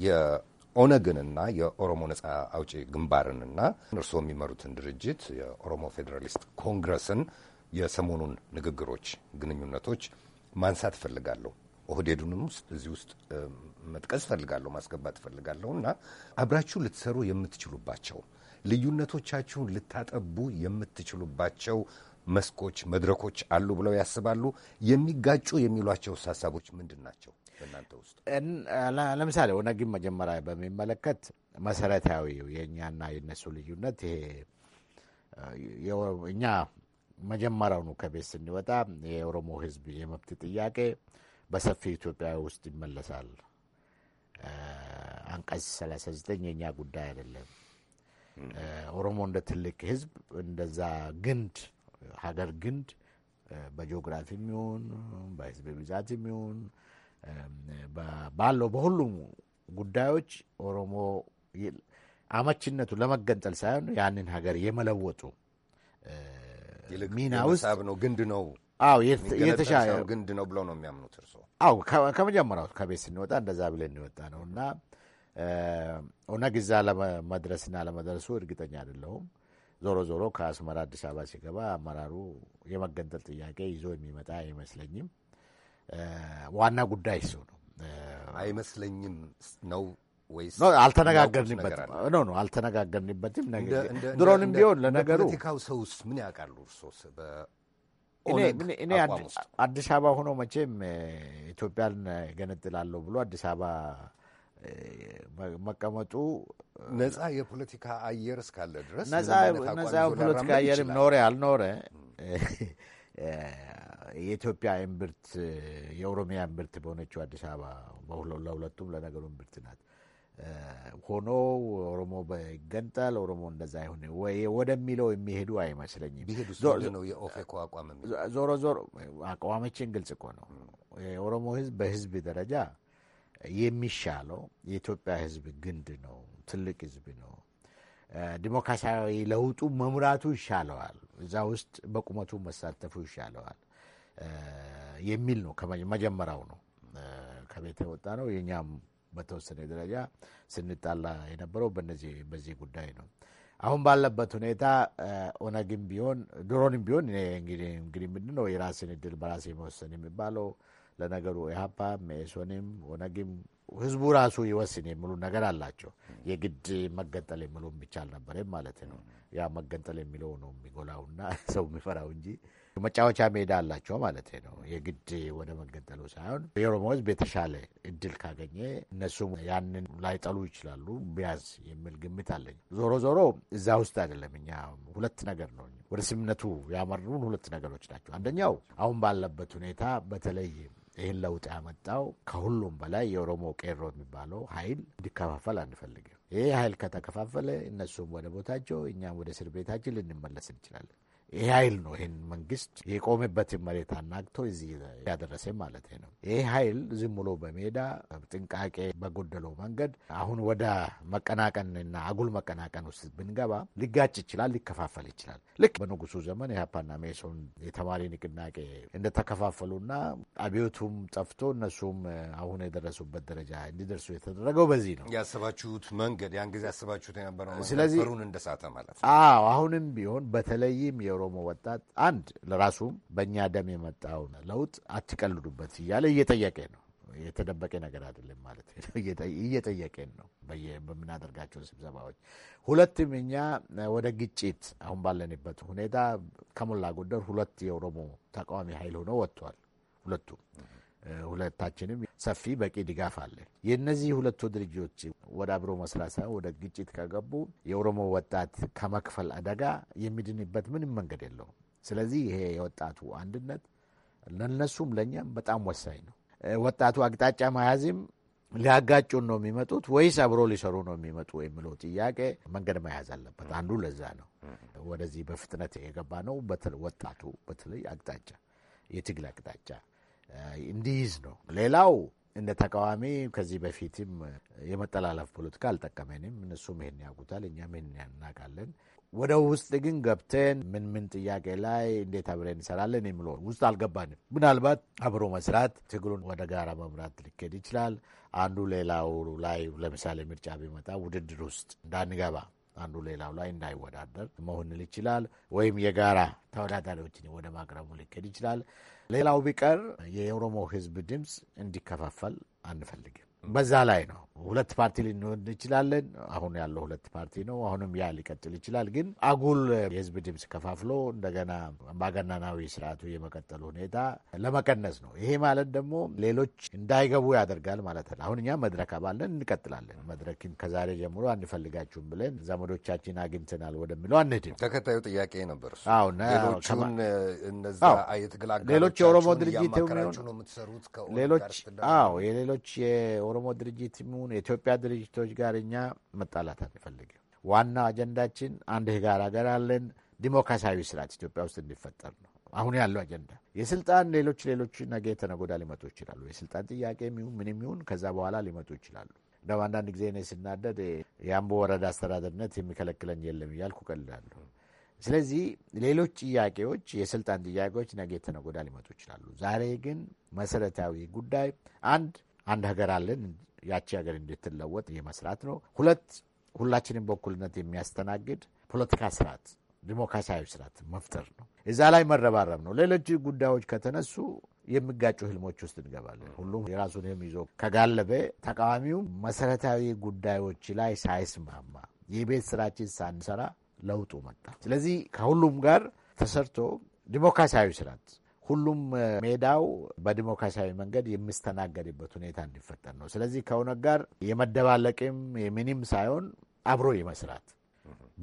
የኦነግንና የኦሮሞ ነጻ አውጪ ግንባርንና እርስዎ የሚመሩትን ድርጅት የኦሮሞ ፌዴራሊስት ኮንግረስን የሰሞኑን ንግግሮች፣ ግንኙነቶች ማንሳት እፈልጋለሁ። ኦህዴዱንም እዚህ ውስጥ መጥቀስ እፈልጋለሁ፣ ማስገባት እፈልጋለሁ እና አብራችሁ ልትሰሩ የምትችሉባቸው ልዩነቶቻችሁን ልታጠቡ የምትችሉባቸው መስኮች፣ መድረኮች አሉ ብለው ያስባሉ? የሚጋጩ የሚሏቸው ሀሳቦች ምንድን ናቸው? በእናንተ ውስጥ ለምሳሌ ኦነግን መጀመሪያ በሚመለከት መሰረታዊው የእኛና የእነሱ ልዩነት ይሄ እኛ መጀመሪያውኑ ከቤት ስንወጣ የኦሮሞ ሕዝብ የመብት ጥያቄ በሰፊ ኢትዮጵያ ውስጥ ይመለሳል። አንቀጽ 39 የእኛ ጉዳይ አይደለም። ኦሮሞ እንደ ትልቅ ሕዝብ እንደዛ ግንድ ሀገር ግንድ በጂኦግራፊ የሚሆን በህዝብ ብዛት የሚሆን ባለው በሁሉም ጉዳዮች ኦሮሞ አመችነቱ ለመገንጠል ሳይሆን ያንን ሀገር የመለወጡ ሚና ውስጥ ነው። ግንድ ነው። አዎ የተሻለ ግንድ ነው ብለው ነው የሚያምኑት እርስዎ? አዎ ከመጀመሪያው ከቤት ስንወጣ እንደዛ ብለን እንወጣ ነው እና ኦነግ እዛ ለመድረስና ለመድረሱ እርግጠኛ አይደለሁም። ዞሮ ዞሮ ከአስመራ አዲስ አበባ ሲገባ አመራሩ የመገንጠል ጥያቄ ይዞ የሚመጣ አይመስለኝም። ዋና ጉዳይ እሱ ነው። አይመስለኝም ነው ወይስ አልተነጋገርንበትም? ኖ ኖ አልተነጋገርንበትም። ድሮንም ቢሆን ለነገሩ ፖለቲካው ውስጥ ምን ያውቃሉ? እርሶስ እኔ አዲስ አበባ ሆኖ መቼም ኢትዮጵያን ገነጥላለሁ ብሎ አዲስ አበባ መቀመጡ ነጻ የፖለቲካ አየር እስካለ ድረስ ነጻ የፖለቲካ አየርም ኖረ አልኖረ የኢትዮጵያ እምብርት የኦሮሚያ እምብርት በሆነችው አዲስ አበባ ለሁለቱም ለነገሩ እምብርት ናት ሆኖ ኦሮሞ ይገንጠል ኦሮሞ እንደዛ ይሁን ወደሚለው የሚሄዱ አይመስለኝም። ዞሮ ዞሮ አቋማችን ግልጽ እኮ ነው። የኦሮሞ ህዝብ በህዝብ ደረጃ የሚሻለው የኢትዮጵያ ሕዝብ ግንድ ነው። ትልቅ ሕዝብ ነው። ዲሞክራሲያዊ ለውጡ መምራቱ ይሻለዋል። እዛ ውስጥ በቁመቱ መሳተፉ ይሻለዋል የሚል ነው። ከመጀመሪያው ነው ከቤት የወጣ ነው። የእኛም በተወሰነ ደረጃ ስንጣላ የነበረው በዚህ ጉዳይ ነው። አሁን ባለበት ሁኔታ ኦነግም ቢሆን ድሮንም ቢሆን እንግዲህ ምንድን ነው የራስን እድል በራሴ መወሰን የሚባለው ለነገሩ ኢህአፓም፣ መኢሶንም፣ ኦነግም ህዝቡ ራሱ ይወስን የሚሉ ነገር አላቸው። የግድ መገንጠል የሚለው ብቻ አልነበረም ማለት ነው። ያ መገንጠል የሚለው ነው የሚጎላውና ሰው የሚፈራው እንጂ መጫወቻ ሜዳ አላቸው ማለት ነው። የግድ ወደ መገንጠሉ ሳይሆን የኦሮሞ ህዝብ የተሻለ እድል ካገኘ እነሱም ያንን ላይጠሉ ይችላሉ ቢያዝ የሚል ግምት አለኝ። ዞሮ ዞሮ እዛ ውስጥ አይደለም እኛ ሁለት ነገር ነው ወደ ስምነቱ ያመሩን ሁለት ነገሮች ናቸው። አንደኛው አሁን ባለበት ሁኔታ በተለይ ይህን ለውጥ ያመጣው ከሁሉም በላይ የኦሮሞ ቄሮ የሚባለው ኃይል እንዲከፋፈል አንፈልግም። ይህ ኃይል ከተከፋፈለ እነሱም ወደ ቦታቸው፣ እኛም ወደ እስር ቤታችን ልንመለስ እንችላለን። ይህ ኃይል ነው ይህን መንግስት የቆመበትን መሬት አናግቶ እዚህ ያደረሰ ማለት ነው። ይህ ኃይል ዝም ብሎ በሜዳ ጥንቃቄ በጎደለው መንገድ አሁን ወደ መቀናቀንና አጉል መቀናቀን ውስጥ ብንገባ ሊጋጭ ይችላል፣ ሊከፋፈል ይችላል። ልክ በንጉሱ ዘመን የሀፓና ሜሶን የተማሪ ንቅናቄ እንደተከፋፈሉና አብዮቱም ጠፍቶ እነሱም አሁን የደረሱበት ደረጃ እንዲደርሱ የተደረገው በዚህ ነው። ያሰባችሁት መንገድ ያን ጊዜ ያሰባችሁት የነበረው ስለዚህ እንደሳተ ማለት ነው። አዎ አሁንም ቢሆን በተለይም የሮ የኦሮሞ ወጣት አንድ ለራሱ በእኛ ደም የመጣውን ለውጥ አትቀልዱበት እያለ እየጠየቀ ነው። የተደበቀ ነገር አይደለም ማለት እየጠየቀን ነው በምናደርጋቸው ስብሰባዎች። ሁለትም እኛ ወደ ግጭት አሁን ባለንበት ሁኔታ ከሞላ ጎደር ሁለት የኦሮሞ ተቃዋሚ ኃይል ሆነው ወጥቷል። ሁለቱም ሁለታችንም ሰፊ በቂ ድጋፍ አለ። የእነዚህ ሁለቱ ድርጅቶች ወደ አብሮ መስራት ሳይሆን ወደ ግጭት ከገቡ የኦሮሞ ወጣት ከመክፈል አደጋ የሚድንበት ምንም መንገድ የለውም። ስለዚህ ይሄ የወጣቱ አንድነት ለነሱም ለእኛም በጣም ወሳኝ ነው። ወጣቱ አቅጣጫ መያዝም ሊያጋጩን ነው የሚመጡት ወይስ አብሮ ሊሰሩ ነው የሚመጡ የሚለው ጥያቄ መንገድ መያዝ አለበት። አንዱ ለዛ ነው ወደዚህ በፍጥነት የገባ ነው። ወጣቱ በተለይ አቅጣጫ የትግል አቅጣጫ እንዲይዝ ነው። ሌላው እንደ ተቃዋሚ ከዚህ በፊትም የመጠላለፍ ፖለቲካ አልጠቀመንም። እነሱም ይሄን ያውቁታል፣ እኛም ይሄን እናውቃለን። ወደ ውስጥ ግን ገብተን ምን ምን ጥያቄ ላይ እንዴት አብረን እንሰራለን የሚለ ውስጥ አልገባንም። ምናልባት አብሮ መስራት ትግሉን ወደ ጋራ መምራት ሊኬድ ይችላል። አንዱ ሌላው ላይ ለምሳሌ ምርጫ ቢመጣ ውድድር ውስጥ እንዳንገባ አንዱ ሌላው ላይ እንዳይወዳደር መሆን ይችላል። ወይም የጋራ ተወዳዳሪዎችን ወደ ማቅረቡ ሊኬድ ይችላል። ሌላው ቢቀር የኦሮሞ ህዝብ ድምፅ እንዲከፋፈል አንፈልግም። በዛ ላይ ነው። ሁለት ፓርቲ ልንሆን እንችላለን። አሁን ያለው ሁለት ፓርቲ ነው። አሁንም ያ ሊቀጥል ይችላል። ግን አጉል የህዝብ ድምፅ ከፋፍሎ እንደገና አምባገነናዊ ስርዓቱ የመቀጠል ሁኔታ ለመቀነስ ነው። ይሄ ማለት ደግሞ ሌሎች እንዳይገቡ ያደርጋል ማለት ነው። አሁን እኛ መድረክ አባለን እንቀጥላለን። መድረክን ከዛሬ ጀምሮ አንፈልጋችሁም ብለን ዘመዶቻችን አግኝተናል ወደሚለው አንሄድም። ተከታዩ ጥያቄ ነበር። ሌሎች የኦሮሞ ድርጅት ሌሎች የኦሮሞ ከኦሮሞ ድርጅት ይሁን የኢትዮጵያ ድርጅቶች ጋር እኛ መጣላት አንፈልግም። ዋና አጀንዳችን አንድ ህጋር ሀገር አለን፣ ዲሞክራሲያዊ ስርዓት ኢትዮጵያ ውስጥ እንዲፈጠር ነው አሁን ያለው አጀንዳ። የስልጣን ሌሎች ሌሎች ነገ የተነጎዳ ሊመጡ ይችላሉ። የስልጣን ጥያቄ ይሁን ምን ይሁን ከዛ በኋላ ሊመጡ ይችላሉ። እንደውም አንዳንድ ጊዜ እኔ ስናደድ የአምቦ ወረዳ አስተዳደርነት የሚከለክለኝ የለም እያልኩ ቀልዳለሁ። ስለዚህ ሌሎች ጥያቄዎች የስልጣን ጥያቄዎች ነገ የተነጎዳ ሊመጡ ይችላሉ። ዛሬ ግን መሰረታዊ ጉዳይ አንድ አንድ ሀገር አለን። ያቺ ሀገር እንድትለወጥ የመስራት ነው። ሁለት ሁላችንም በኩልነት የሚያስተናግድ ፖለቲካ ስርዓት፣ ዲሞክራሲያዊ ስርዓት መፍጠር ነው። እዛ ላይ መረባረብ ነው። ሌሎች ጉዳዮች ከተነሱ የሚጋጩ ህልሞች ውስጥ እንገባለን። ሁሉም የራሱን ህልም ይዞ ከጋለበ ተቃዋሚው መሰረታዊ ጉዳዮች ላይ ሳይስማማ የቤት ስራችን ሳንሰራ ለውጡ መጣ። ስለዚህ ከሁሉም ጋር ተሰርቶ ዲሞክራሲያዊ ስርዓት ሁሉም ሜዳው በዲሞክራሲያዊ መንገድ የሚስተናገድበት ሁኔታ እንዲፈጠር ነው። ስለዚህ ከእውነት ጋር የመደባለቅም የምንም ሳይሆን አብሮ የመስራት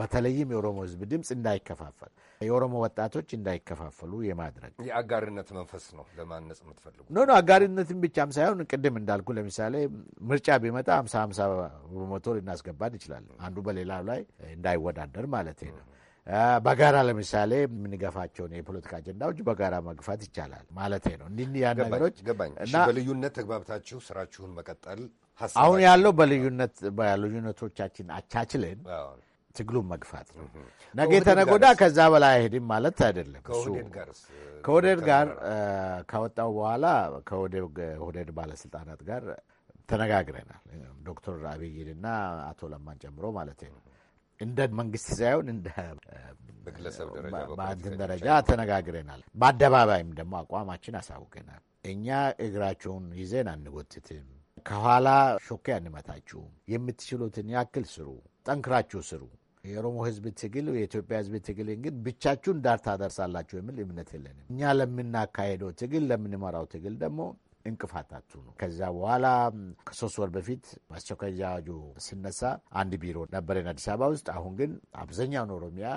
በተለይም የኦሮሞ ሕዝብ ድምፅ እንዳይከፋፈል የኦሮሞ ወጣቶች እንዳይከፋፈሉ የማድረግ የአጋርነት መንፈስ ነው ለማነጽ የምትፈልጉ ኖ ኖ አጋርነትን ብቻም ሳይሆን ቅድም እንዳልኩ ለምሳሌ ምርጫ ቢመጣ ሀምሳ ሀምሳ በመቶ ልናስገባ እንችላለን። አንዱ በሌላ ላይ እንዳይወዳደር ማለት ነው። በጋራ ለምሳሌ የምንገፋቸውን የፖለቲካ አጀንዳዎች በጋራ መግፋት ይቻላል ማለት ነው። እንዲህ ያ ነገሮች በልዩነት ተግባብታችሁ ስራችሁን መቀጠል አሁን ያለው በልዩነት በልዩነቶቻችን አቻችለን ትግሉም መግፋት ነው። ነገ ተነጎዳ ከዛ በላይ አይሄድም ማለት አይደለም። ከወደድ ጋር ካወጣው በኋላ ከወደድ ባለስልጣናት ጋር ተነጋግረናል። ዶክተር አብይንና አቶ ለማን ጨምሮ ማለት ነው እንደ መንግስት ሳይሆን እንደ በአንትን ደረጃ ተነጋግረናል። በአደባባይም ደግሞ አቋማችን አሳውቀናል። እኛ እግራቸውን ይዘን አንጎትትም፣ ከኋላ ሾኬ አንመታችሁም። የምትችሉትን ያክል ስሩ፣ ጠንክራችሁ ስሩ። የኦሮሞ ህዝብ ትግል፣ የኢትዮጵያ ህዝብ ትግልን ግን ብቻችሁን ዳር ታደርሳላችሁ የሚል እምነት የለንም። እኛ ለምናካሄደው ትግል፣ ለምንመራው ትግል ደግሞ እንቅፋታችሁ ነው። ከዚያ በኋላ ከሶስት ወር በፊት በአስቸኳይ አዋጁ ሲነሳ አንድ ቢሮ ነበረን አዲስ አበባ ውስጥ። አሁን ግን አብዛኛውን ኦሮሚያ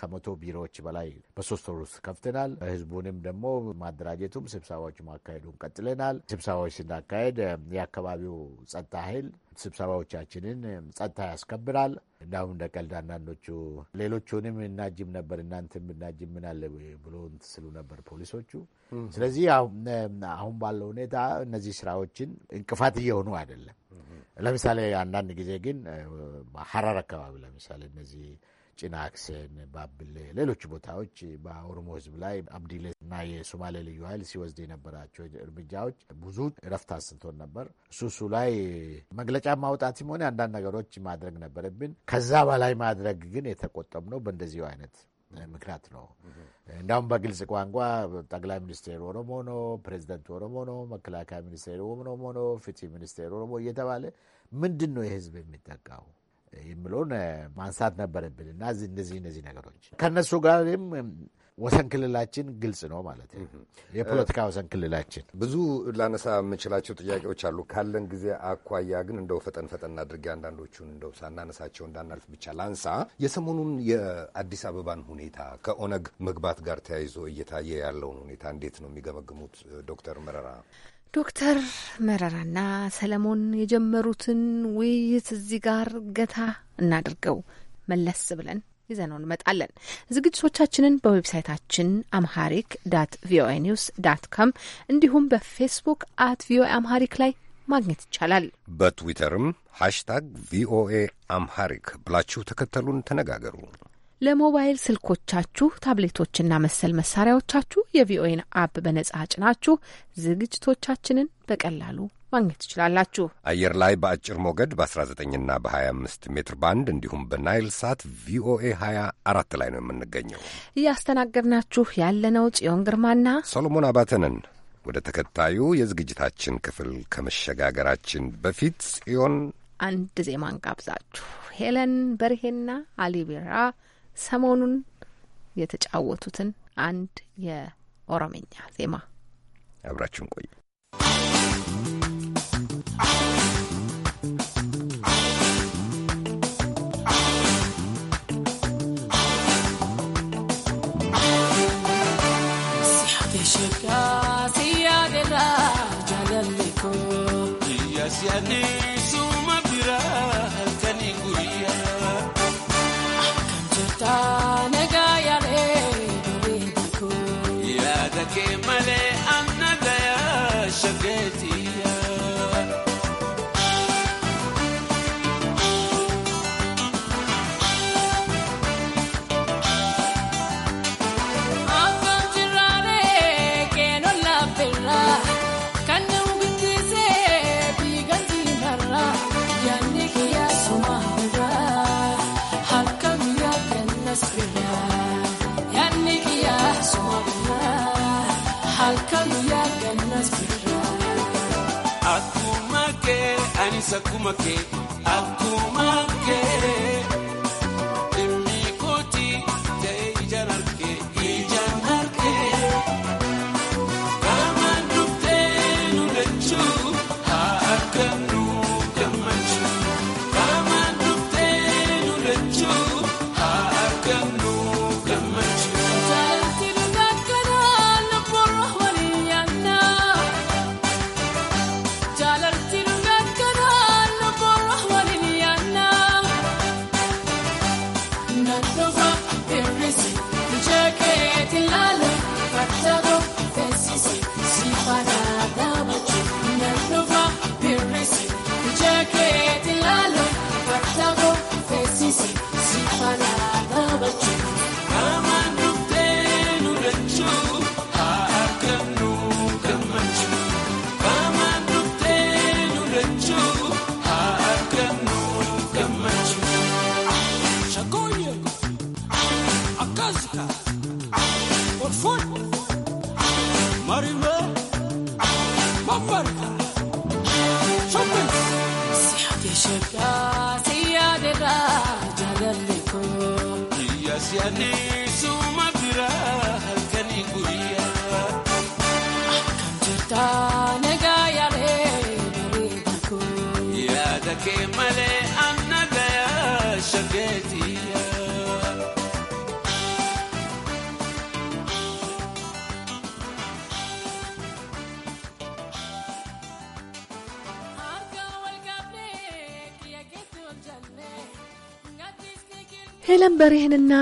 ከመቶ ቢሮዎች በላይ በሶስት ወር ውስጥ ከፍተናል። ህዝቡንም ደግሞ ማደራጀቱም ስብሰባዎች ማካሄዱን ቀጥለናል። ስብሰባዎች ስናካሄድ የአካባቢው ጸጥታ ኃይል ስብሰባዎቻችንን ጸጥታ ያስከብራል። እንዳሁም እንደ ቀልድ አንዳንዶቹ ሌሎቹንም እናጅም ነበር እናንተም እናጅም ምናለ ብሎ ስሉ ነበር ፖሊሶቹ። ስለዚህ አሁን ባለው ሁኔታ እነዚህ ስራዎችን እንቅፋት እየሆኑ አይደለም። ለምሳሌ አንዳንድ ጊዜ ግን ሀራር አካባቢ ለምሳሌ እነዚህ ጭና አክሴን፣ ባብሌ፣ ሌሎች ቦታዎች በኦሮሞ ህዝብ ላይ አብዲሌ እና የሶማሌ ልዩ ኃይል ሲወስድ የነበራቸው እርምጃዎች ብዙ እረፍት አስንቶን ነበር። እሱሱ ላይ መግለጫ ማውጣትም ሆነ አንዳንድ ነገሮች ማድረግ ነበረብን። ከዛ በላይ ማድረግ ግን ነው በእንደዚሁ አይነት ምክንያት ነው። እንዲሁም በግልጽ ቋንቋ ጠቅላይ ሚኒስቴር ኦሮሞ ነው፣ ፕሬዚደንት ኦሮሞ ነው፣ መከላከያ ሚኒስቴር ኦሮሞ ነው፣ ፍትህ ሚኒስቴር ኦሮሞ እየተባለ ምንድን ነው የህዝብ የሚጠቃው? የምለውን ማንሳት ነበረብን እና እነዚህ እነዚህ ነገሮች ከእነሱ ጋርም ወሰን ክልላችን ግልጽ ነው ማለት ነው። የፖለቲካ ወሰን ክልላችን ብዙ ላነሳ የምችላቸው ጥያቄዎች አሉ። ካለን ጊዜ አኳያ ግን እንደው ፈጠን ፈጠን አድርጌ አንዳንዶቹን እንደው ሳናነሳቸው እንዳናልፍ ብቻ ላንሳ። የሰሞኑን የአዲስ አበባን ሁኔታ ከኦነግ መግባት ጋር ተያይዞ እየታየ ያለውን ሁኔታ እንዴት ነው የሚገመግሙት ዶክተር መረራ? ዶክተር መረራና ሰለሞን የጀመሩትን ውይይት እዚህ ጋር ገታ እናድርገው። መለስ ብለን ይዘነው እንመጣለን። ዝግጅቶቻችንን በዌብሳይታችን አምሃሪክ ዳት ቪኦኤ ኒውስ ዳት ካም እንዲሁም በፌስቡክ አት ቪኦኤ አምሃሪክ ላይ ማግኘት ይቻላል። በትዊተርም ሃሽታግ ቪኦኤ አምሃሪክ ብላችሁ ተከተሉን፣ ተነጋገሩ። ለሞባይል ስልኮቻችሁ ታብሌቶችና መሰል መሳሪያዎቻችሁ የቪኦኤን አፕ በነጻ ጭናችሁ ዝግጅቶቻችንን በቀላሉ ማግኘት ትችላላችሁ። አየር ላይ በአጭር ሞገድ በ19ና በ25 ሜትር ባንድ እንዲሁም በናይል ሳት ቪኦኤ 24 ላይ ነው የምንገኘው። እያስተናገድናችሁ ያለነው ጽዮን ግርማና ሰሎሞን አባተንን። ወደ ተከታዩ የዝግጅታችን ክፍል ከመሸጋገራችን በፊት ጽዮን አንድ ዜማ እንጋብዛችሁ። ሄለን በርሄና አሊ ሰሞኑን የተጫወቱትን አንድ የኦሮምኛ ዜማ አብራችሁን ቆዩ። Siya sakuma ke ሄለን በሬህንና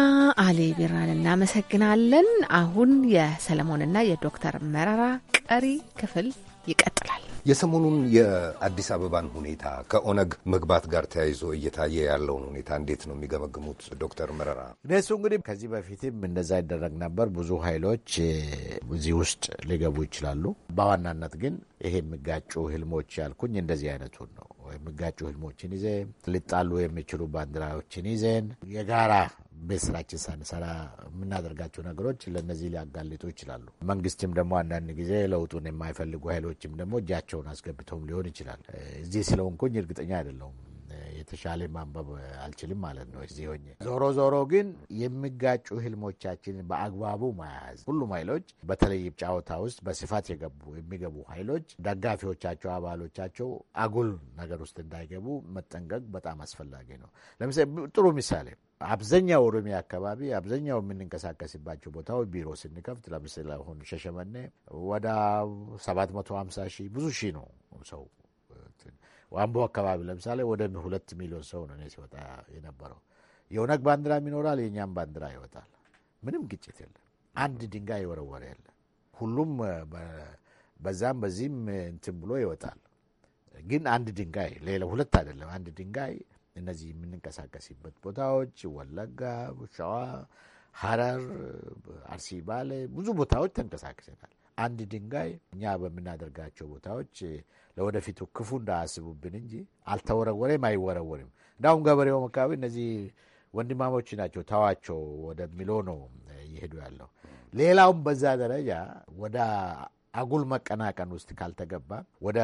አሊ ቢራን እናመሰግናለን። አሁን የሰለሞንና የዶክተር መረራ ቀሪ ክፍል ይቀጥላል። የሰሞኑን የአዲስ አበባን ሁኔታ ከኦነግ መግባት ጋር ተያይዞ እየታየ ያለውን ሁኔታ እንዴት ነው የሚገመግሙት ዶክተር መረራ? እነሱ እንግዲህ ከዚህ በፊትም እንደዛ ይደረግ ነበር። ብዙ ኃይሎች እዚህ ውስጥ ሊገቡ ይችላሉ። በዋናነት ግን ይሄ የሚጋጩ ህልሞች ያልኩኝ እንደዚህ አይነቱን ነው። የሚጋጩ ህልሞችን ይዘን ሊጣሉ የሚችሉ ባንዲራዎችን ይዘን የጋራ ስራችን ሳንሰራ የምናደርጋቸው ነገሮች ለእነዚህ ሊያጋልጡ ይችላሉ። መንግስትም ደግሞ አንዳንድ ጊዜ ለውጡን የማይፈልጉ ኃይሎችም ደግሞ እጃቸውን አስገብተውም ሊሆን ይችላል። እዚህ ስለሆንኩኝ እርግጠኛ አይደለሁም። የተሻለ ማንበብ አልችልም ማለት ነው እዚህ ሆኜ። ዞሮ ዞሮ ግን የሚጋጩ ህልሞቻችን በአግባቡ መያዝ ሁሉም ኃይሎች በተለይ ጫወታ ውስጥ በስፋት የገቡ የሚገቡ ኃይሎች ደጋፊዎቻቸው፣ አባሎቻቸው አጉል ነገር ውስጥ እንዳይገቡ መጠንቀቅ በጣም አስፈላጊ ነው። ለምሳሌ ጥሩ ምሳሌ አብዛኛው ኦሮሚያ አካባቢ አብዛኛው የምንንቀሳቀስባቸው ቦታዎች ቢሮ ስንከፍት ለምሳሌ አሁን ሸሸመኔ ወደ 750 ሺህ ብዙ ሺህ ነው ሰው አምቦ አካባቢ ለምሳሌ ወደ ሁለት ሚሊዮን ሰው ነው ሲወጣ የነበረው። የኦነግ ባንዲራም ይኖራል፣ የእኛም ባንዲራ ይወጣል። ምንም ግጭት የለም። አንድ ድንጋይ የወረወረ የለ። ሁሉም በዛም በዚህም እንትን ብሎ ይወጣል። ግን አንድ ድንጋይ ሌላ ሁለት አይደለም፣ አንድ ድንጋይ እነዚህ የምንንቀሳቀስበት ቦታዎች ወለጋ፣ ሸዋ፣ ሀረር አርሲ፣ ባሌ ብዙ ቦታዎች ተንቀሳቅሰናል። አንድ ድንጋይ እኛ በምናደርጋቸው ቦታዎች ለወደፊቱ ክፉ እንዳያስቡብን እንጂ አልተወረወረም፣ አይወረወርም። እንዳሁም ገበሬውም አካባቢ እነዚህ ወንድማሞች ናቸው ተዋቸው ወደሚለው ነው እየሄዱ ያለው። ሌላውም በዛ ደረጃ ወደ አጉል መቀናቀን ውስጥ ካልተገባ ወደ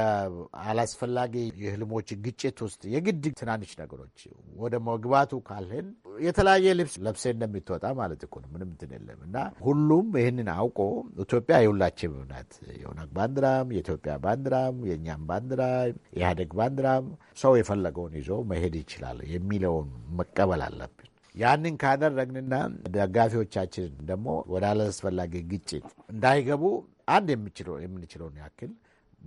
አላስፈላጊ የህልሞች ግጭት ውስጥ የግድ ትናንሽ ነገሮች ወደ መግባቱ ካልህን የተለያየ ልብስ ለብሴ እንደሚትወጣ ማለት እኮ ነው። ምንም እንትን የለም እና ሁሉም ይህንን አውቆ ኢትዮጵያ የሁላችንም ናት። የኦነግ ባንዲራም፣ የኢትዮጵያ ባንዲራም፣ የእኛም ባንዲራ፣ የኢህአዴግ ባንዲራም ሰው የፈለገውን ይዞ መሄድ ይችላል የሚለውን መቀበል አለብን። ያንን ካደረግንና ደጋፊዎቻችን ደግሞ ወደ አላስፈላጊ ግጭት እንዳይገቡ አንድ የምንችለውን ያክል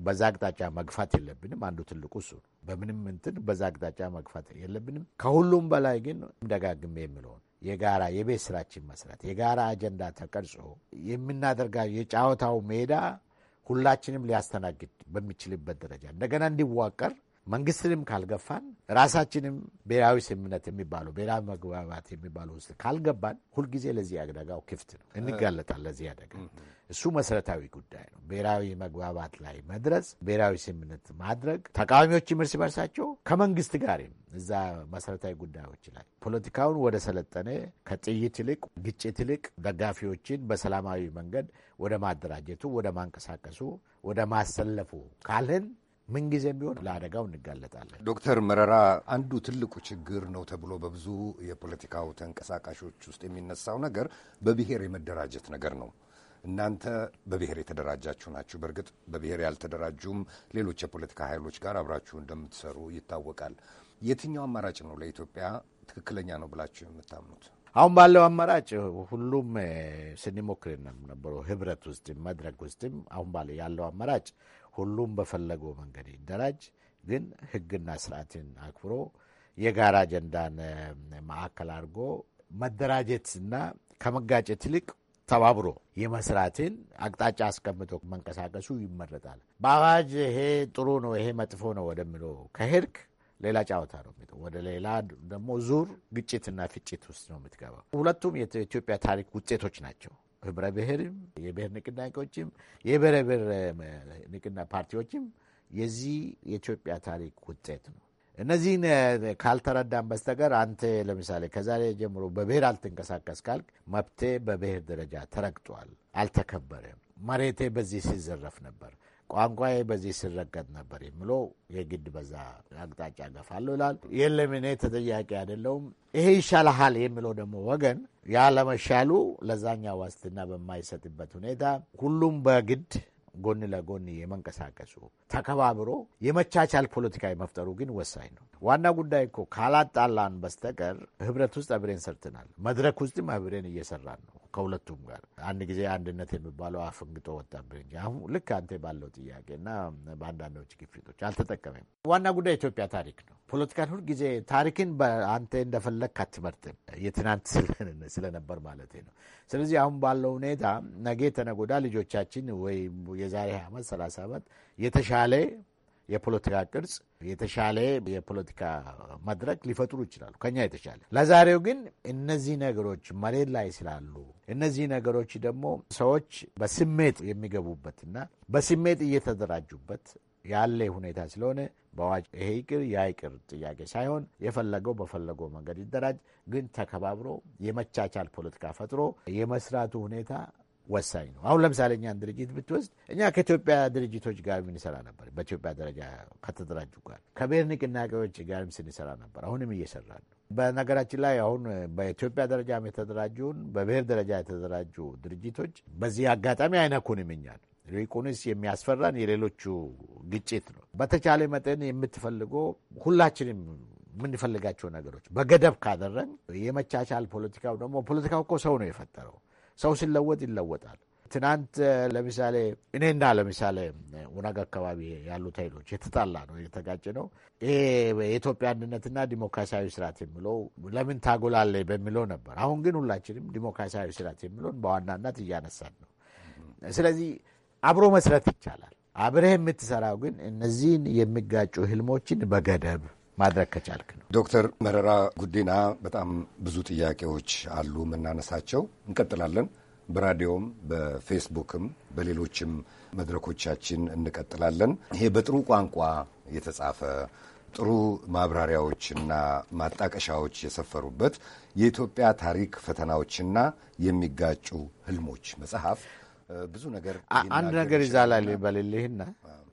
በዛ አቅጣጫ መግፋት የለብንም። አንዱ ትልቁ እሱ ነው። በምንም እንትን በዛ አቅጣጫ መግፋት የለብንም። ከሁሉም በላይ ግን ደጋግሜ የምለውን የጋራ የቤት ስራችን መስራት፣ የጋራ አጀንዳ ተቀርጾ የምናደርጋው የጫዋታው ሜዳ ሁላችንም ሊያስተናግድ በሚችልበት ደረጃ እንደገና እንዲዋቀር መንግስትንም ካልገፋን ራሳችንም ብሔራዊ ስምምነት የሚባሉ ብሔራዊ መግባባት የሚባሉ ውስጥ ካልገባን ሁልጊዜ ለዚህ አደጋው ክፍት ነው፣ እንጋለጣል ለዚህ አደጋ። እሱ መሰረታዊ ጉዳይ ነው። ብሔራዊ መግባባት ላይ መድረስ፣ ብሔራዊ ስምምነት ማድረግ፣ ተቃዋሚዎችም እርስ በርሳቸው ከመንግስት ጋርም እዛ መሰረታዊ ጉዳዮች ላይ ፖለቲካውን ወደ ሰለጠነ ከጥይት ይልቅ ግጭት ይልቅ ደጋፊዎችን በሰላማዊ መንገድ ወደ ማደራጀቱ፣ ወደ ማንቀሳቀሱ፣ ወደ ማሰለፉ ካልን ምንጊዜም ቢሆን ለአደጋው እንጋለጣለን። ዶክተር መረራ አንዱ ትልቁ ችግር ነው ተብሎ በብዙ የፖለቲካው ተንቀሳቃሾች ውስጥ የሚነሳው ነገር በብሔር የመደራጀት ነገር ነው። እናንተ በብሔር የተደራጃችሁ ናችሁ። በእርግጥ በብሔር ያልተደራጁም ሌሎች የፖለቲካ ኃይሎች ጋር አብራችሁ እንደምትሰሩ ይታወቃል። የትኛው አማራጭ ነው ለኢትዮጵያ ትክክለኛ ነው ብላችሁ የምታምኑት? አሁን ባለው አማራጭ ሁሉም ስንሞክር ነበረው ህብረት ውስጥም መድረክ ውስጥም አሁን ባለ ያለው አማራጭ ሁሉም በፈለገው መንገድ ይደራጅ፣ ግን ህግና ስርዓትን አክብሮ የጋራ አጀንዳን ማዕከል አድርጎ መደራጀትና ከመጋጨት ይልቅ ተባብሮ የመስራትን አቅጣጫ አስቀምጦ መንቀሳቀሱ ይመረጣል። በአዋጅ ይሄ ጥሩ ነው፣ ይሄ መጥፎ ነው ወደሚለው ከሄድክ ሌላ ጨዋታ ነው የሚ ወደ ሌላ ደግሞ ዙር ግጭትና ፍጭት ውስጥ ነው የምትገባው። ሁለቱም የኢትዮጵያ ታሪክ ውጤቶች ናቸው። ህብረ ብሔርም የብሔር ንቅናቄዎችም የብሔረ ብሔር ንቅና ፓርቲዎችም የዚህ የኢትዮጵያ ታሪክ ውጤት ነው። እነዚህን ካልተረዳን በስተቀር አንተ ለምሳሌ ከዛሬ ጀምሮ በብሔር አልትንቀሳቀስ ካልክ መብቴ በብሔር ደረጃ ተረግጧል፣ አልተከበረም፣ መሬቴ በዚህ ሲዘረፍ ነበር፣ ቋንቋዬ በዚህ ስረገጥ ነበር የምሎ የግድ በዛ አቅጣጫ ገፋለሁ ይላል። የለም እኔ ተጠያቂ አይደለውም። ይሄ ይሻልሃል የምለው ደግሞ ወገን ያለመሻሉ ለዛኛ ዋስትና በማይሰጥበት ሁኔታ ሁሉም በግድ ጎን ለጎን የመንቀሳቀሱ ተከባብሮ የመቻቻል ፖለቲካ የመፍጠሩ ግን ወሳኝ ነው። ዋና ጉዳይ እኮ ካላጣላን በስተቀር ህብረት ውስጥ አብሬን ሰርተናል። መድረክ ውስጥም አብሬን እየሰራን ነው። ከሁለቱም ጋር አንድ ጊዜ አንድነት የሚባለው አፈንግጦ ወጣብን እንጂ አሁን ልክ አንተ ባለው ጥያቄ እና በአንዳንዶች ግፊቶች አልተጠቀመም። ዋና ጉዳይ ኢትዮጵያ ታሪክ ነው። ፖለቲካን ሁልጊዜ ታሪክን አንተ እንደፈለግ አትመርጥም። የትናንት ስለነበር ማለት ነው። ስለዚህ አሁን ባለው ሁኔታ ነገ ተነጎዳ ልጆቻችን ወይ የዛሬ ዓመት ሰላሳ ዓመት የተሻለ የፖለቲካ ቅርጽ የተሻለ የፖለቲካ መድረክ ሊፈጥሩ ይችላሉ ከኛ የተሻለ። ለዛሬው ግን እነዚህ ነገሮች መሬት ላይ ስላሉ እነዚህ ነገሮች ደግሞ ሰዎች በስሜት የሚገቡበትና በስሜት እየተደራጁበት ያለ ሁኔታ ስለሆነ በአዋጅ ይሄ ይቅር ያ ይቅር ጥያቄ ሳይሆን የፈለገው በፈለገው መንገድ ይደራጅ፣ ግን ተከባብሮ የመቻቻል ፖለቲካ ፈጥሮ የመስራቱ ሁኔታ ወሳኝ ነው። አሁን ለምሳሌ እኛን ድርጅት ብትወስድ እኛ ከኢትዮጵያ ድርጅቶች ጋር የምንሰራ ነበር። በኢትዮጵያ ደረጃ ከተደራጁ ጋር ከብሔር ንቅናቄዎች ጋርም ስንሰራ ነበር። አሁንም እየሰራ ነው። በነገራችን ላይ አሁን በኢትዮጵያ ደረጃ የተደራጁን በብሔር ደረጃ የተደራጁ ድርጅቶች በዚህ አጋጣሚ አይነኩንም እኛን ሪቁንስ የሚያስፈራን የሌሎቹ ግጭት ነው። በተቻለ መጠን የምትፈልገው ሁላችንም የምንፈልጋቸው ነገሮች በገደብ ካደረን የመቻቻል ፖለቲካው ደግሞ ፖለቲካው እኮ ሰው ነው የፈጠረው ሰው ሲለወጥ ይለወጣል። ትናንት ለምሳሌ እኔና ለምሳሌ ወናግ አካባቢ ያሉት ኃይሎች የተጣላ ነው የተጋጭ ነው። ይሄ የኢትዮጵያ አንድነትና ዲሞክራሲያዊ ስርዓት የሚለው ለምን ታጎላለ በሚለው ነበር። አሁን ግን ሁላችንም ዲሞክራሲያዊ ስርዓት የሚለውን በዋናነት እያነሳን ነው። ስለዚህ አብሮ መስረት ይቻላል። አብረህ የምትሰራው ግን እነዚህን የሚጋጩ ህልሞችን በገደብ ማድረግ ከቻልክ ነው። ዶክተር መረራ ጉዲና በጣም ብዙ ጥያቄዎች አሉ የምናነሳቸው፣ እንቀጥላለን። በራዲዮም በፌስቡክም በሌሎችም መድረኮቻችን እንቀጥላለን። ይሄ በጥሩ ቋንቋ የተጻፈ ጥሩ ማብራሪያዎችና ማጣቀሻዎች የሰፈሩበት የኢትዮጵያ ታሪክ ፈተናዎችና የሚጋጩ ህልሞች መጽሐፍ ብዙ ነገር አንድ ነገር ይዛላል ይበልልህና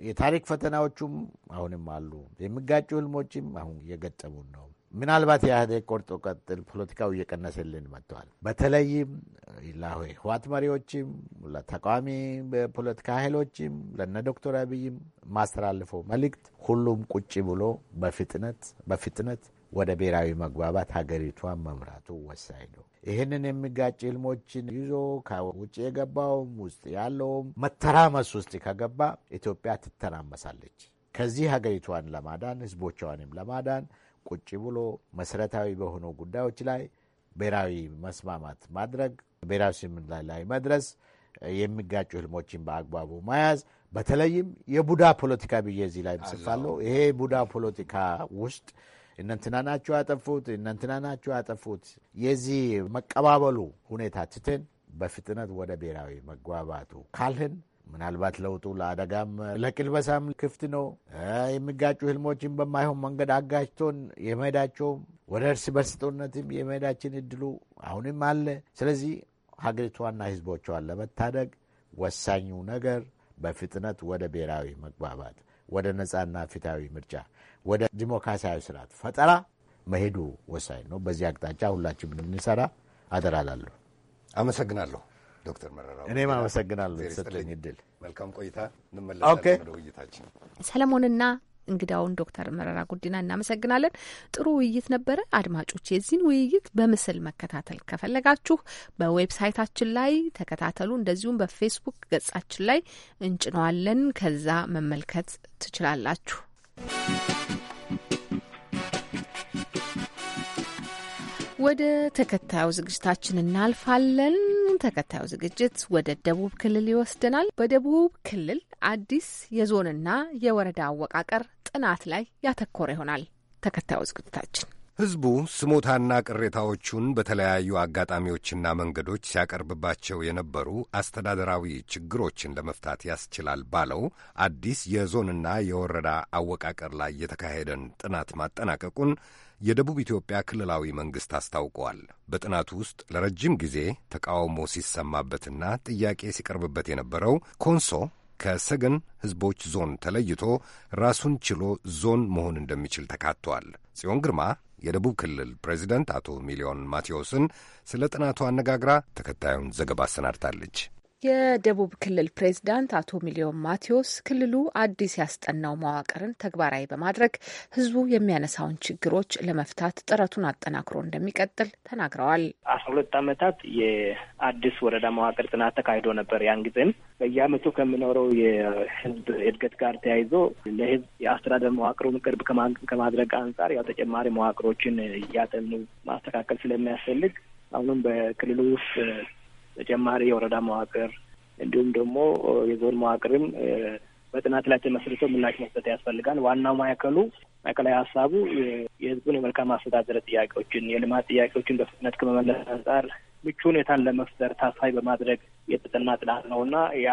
የታሪክ ፈተናዎቹም አሁንም አሉ። የሚጋጩ ህልሞችም አሁን እየገጠሙን ነው። ምናልባት የኢህአዴግ ቆርጦ ቀጥል ፖለቲካው እየቀነሰልን መጥተዋል። በተለይም ህዋት መሪዎችም ለተቃዋሚ ፖለቲካ ኃይሎችም ለነ ዶክተር አብይም ማስተላልፈው መልእክት ሁሉም ቁጭ ብሎ በፍጥነት በፍጥነት ወደ ብሔራዊ መግባባት ሀገሪቷን መምራቱ ወሳኝ ነው። ይህንን የሚጋጭ ህልሞችን ይዞ ከውጭ የገባውም ውስጥ ያለውም መተራመስ ውስጥ ከገባ ኢትዮጵያ ትተራመሳለች። ከዚህ ሀገሪቷን ለማዳን ህዝቦቿንም ለማዳን ቁጭ ብሎ መሰረታዊ በሆኑ ጉዳዮች ላይ ብሔራዊ መስማማት ማድረግ፣ ብሔራዊ ስምምነት ላይ መድረስ፣ የሚጋጩ ህልሞችን በአግባቡ መያዝ በተለይም የቡዳ ፖለቲካ ብዬ እዚህ ላይ ምስፋለሁ። ይሄ ቡዳ ፖለቲካ ውስጥ እነንትና ናቸው ያጠፉት፣ እነንትና ናቸው ያጠፉት። የዚህ መቀባበሉ ሁኔታ ትተን በፍጥነት ወደ ብሔራዊ መግባባቱ ካልህን ምናልባት ለውጡ ለአደጋም ለቅልበሳም ክፍት ነው። የሚጋጩ ህልሞችን በማይሆን መንገድ አጋጭቶን የመሄዳቸውም ወደ እርስ በርስ ጦርነትም የመሄዳችን እድሉ አሁንም አለ። ስለዚህ ሀገሪቷና ህዝቦቿን ለመታደግ ወሳኙ ነገር በፍጥነት ወደ ብሔራዊ መግባባት፣ ወደ ነጻና ፍትሐዊ ምርጫ ወደ ዲሞክራሲያዊ ስርዓት ፈጠራ መሄዱ ወሳኝ ነው። በዚህ አቅጣጫ ሁላችን እንሰራ አደራላለሁ። አመሰግናለሁ ዶክተር መረራ እኔም አመሰግናለሁ የተሰጠኝ እድል። መልካም ቆይታ። እንመለሳለን ወደ ውይይታችን። ሰለሞንና እንግዳውን ዶክተር መረራ ጉዲና እናመሰግናለን። ጥሩ ውይይት ነበረ። አድማጮች የዚህን ውይይት በምስል መከታተል ከፈለጋችሁ በዌብሳይታችን ላይ ተከታተሉ። እንደዚሁም በፌስቡክ ገጻችን ላይ እንጭነዋለን። ከዛ መመልከት ትችላላችሁ። ወደ ተከታዩ ዝግጅታችን እናልፋለን። ተከታዩ ዝግጅት ወደ ደቡብ ክልል ይወስደናል። በደቡብ ክልል አዲስ የዞንና የወረዳ አወቃቀር ጥናት ላይ ያተኮረ ይሆናል ተከታዩ ዝግጅታችን። ሕዝቡ ስሞታና ቅሬታዎቹን በተለያዩ አጋጣሚዎችና መንገዶች ሲያቀርብባቸው የነበሩ አስተዳደራዊ ችግሮችን ለመፍታት ያስችላል ባለው አዲስ የዞንና የወረዳ አወቃቀር ላይ የተካሄደን ጥናት ማጠናቀቁን የደቡብ ኢትዮጵያ ክልላዊ መንግሥት አስታውቀዋል። በጥናቱ ውስጥ ለረጅም ጊዜ ተቃውሞ ሲሰማበትና ጥያቄ ሲቀርብበት የነበረው ኮንሶ ከሰገን ሕዝቦች ዞን ተለይቶ ራሱን ችሎ ዞን መሆን እንደሚችል ተካቷል። ጽዮን ግርማ የደቡብ ክልል ፕሬዚደንት አቶ ሚሊዮን ማቴዎስን ስለ ጥናቱ አነጋግራ ተከታዩን ዘገባ አሰናድታለች። የደቡብ ክልል ፕሬዝዳንት አቶ ሚሊዮን ማቴዎስ ክልሉ አዲስ ያስጠናው መዋቅርን ተግባራዊ በማድረግ ህዝቡ የሚያነሳውን ችግሮች ለመፍታት ጥረቱን አጠናክሮ እንደሚቀጥል ተናግረዋል። አስራ ሁለት ዓመታት የአዲስ ወረዳ መዋቅር ጥናት ተካሂዶ ነበር። ያን ጊዜም በየአመቱ ከምኖረው የህዝብ እድገት ጋር ተያይዞ ለህዝብ የአስተዳደር መዋቅሩን ቅርብ ከማድረግ አንጻር ያው ተጨማሪ መዋቅሮችን እያጠኑ ማስተካከል ስለሚያስፈልግ አሁንም በክልሉ ውስጥ ተጨማሪ የወረዳ መዋቅር እንዲሁም ደግሞ የዞን መዋቅርም በጥናት ላይ ተመስርቶ ምላሽ መስጠት ያስፈልጋል። ዋናው ማዕከሉ ማዕከላዊ ሀሳቡ የህዝቡን የመልካም አስተዳደር ጥያቄዎችን፣ የልማት ጥያቄዎችን በፍጥነት ከመመለስ አንጻር ምቹ ሁኔታን ለመፍጠር ታሳቢ በማድረግ የተጠና ጥናት ነው እና ያ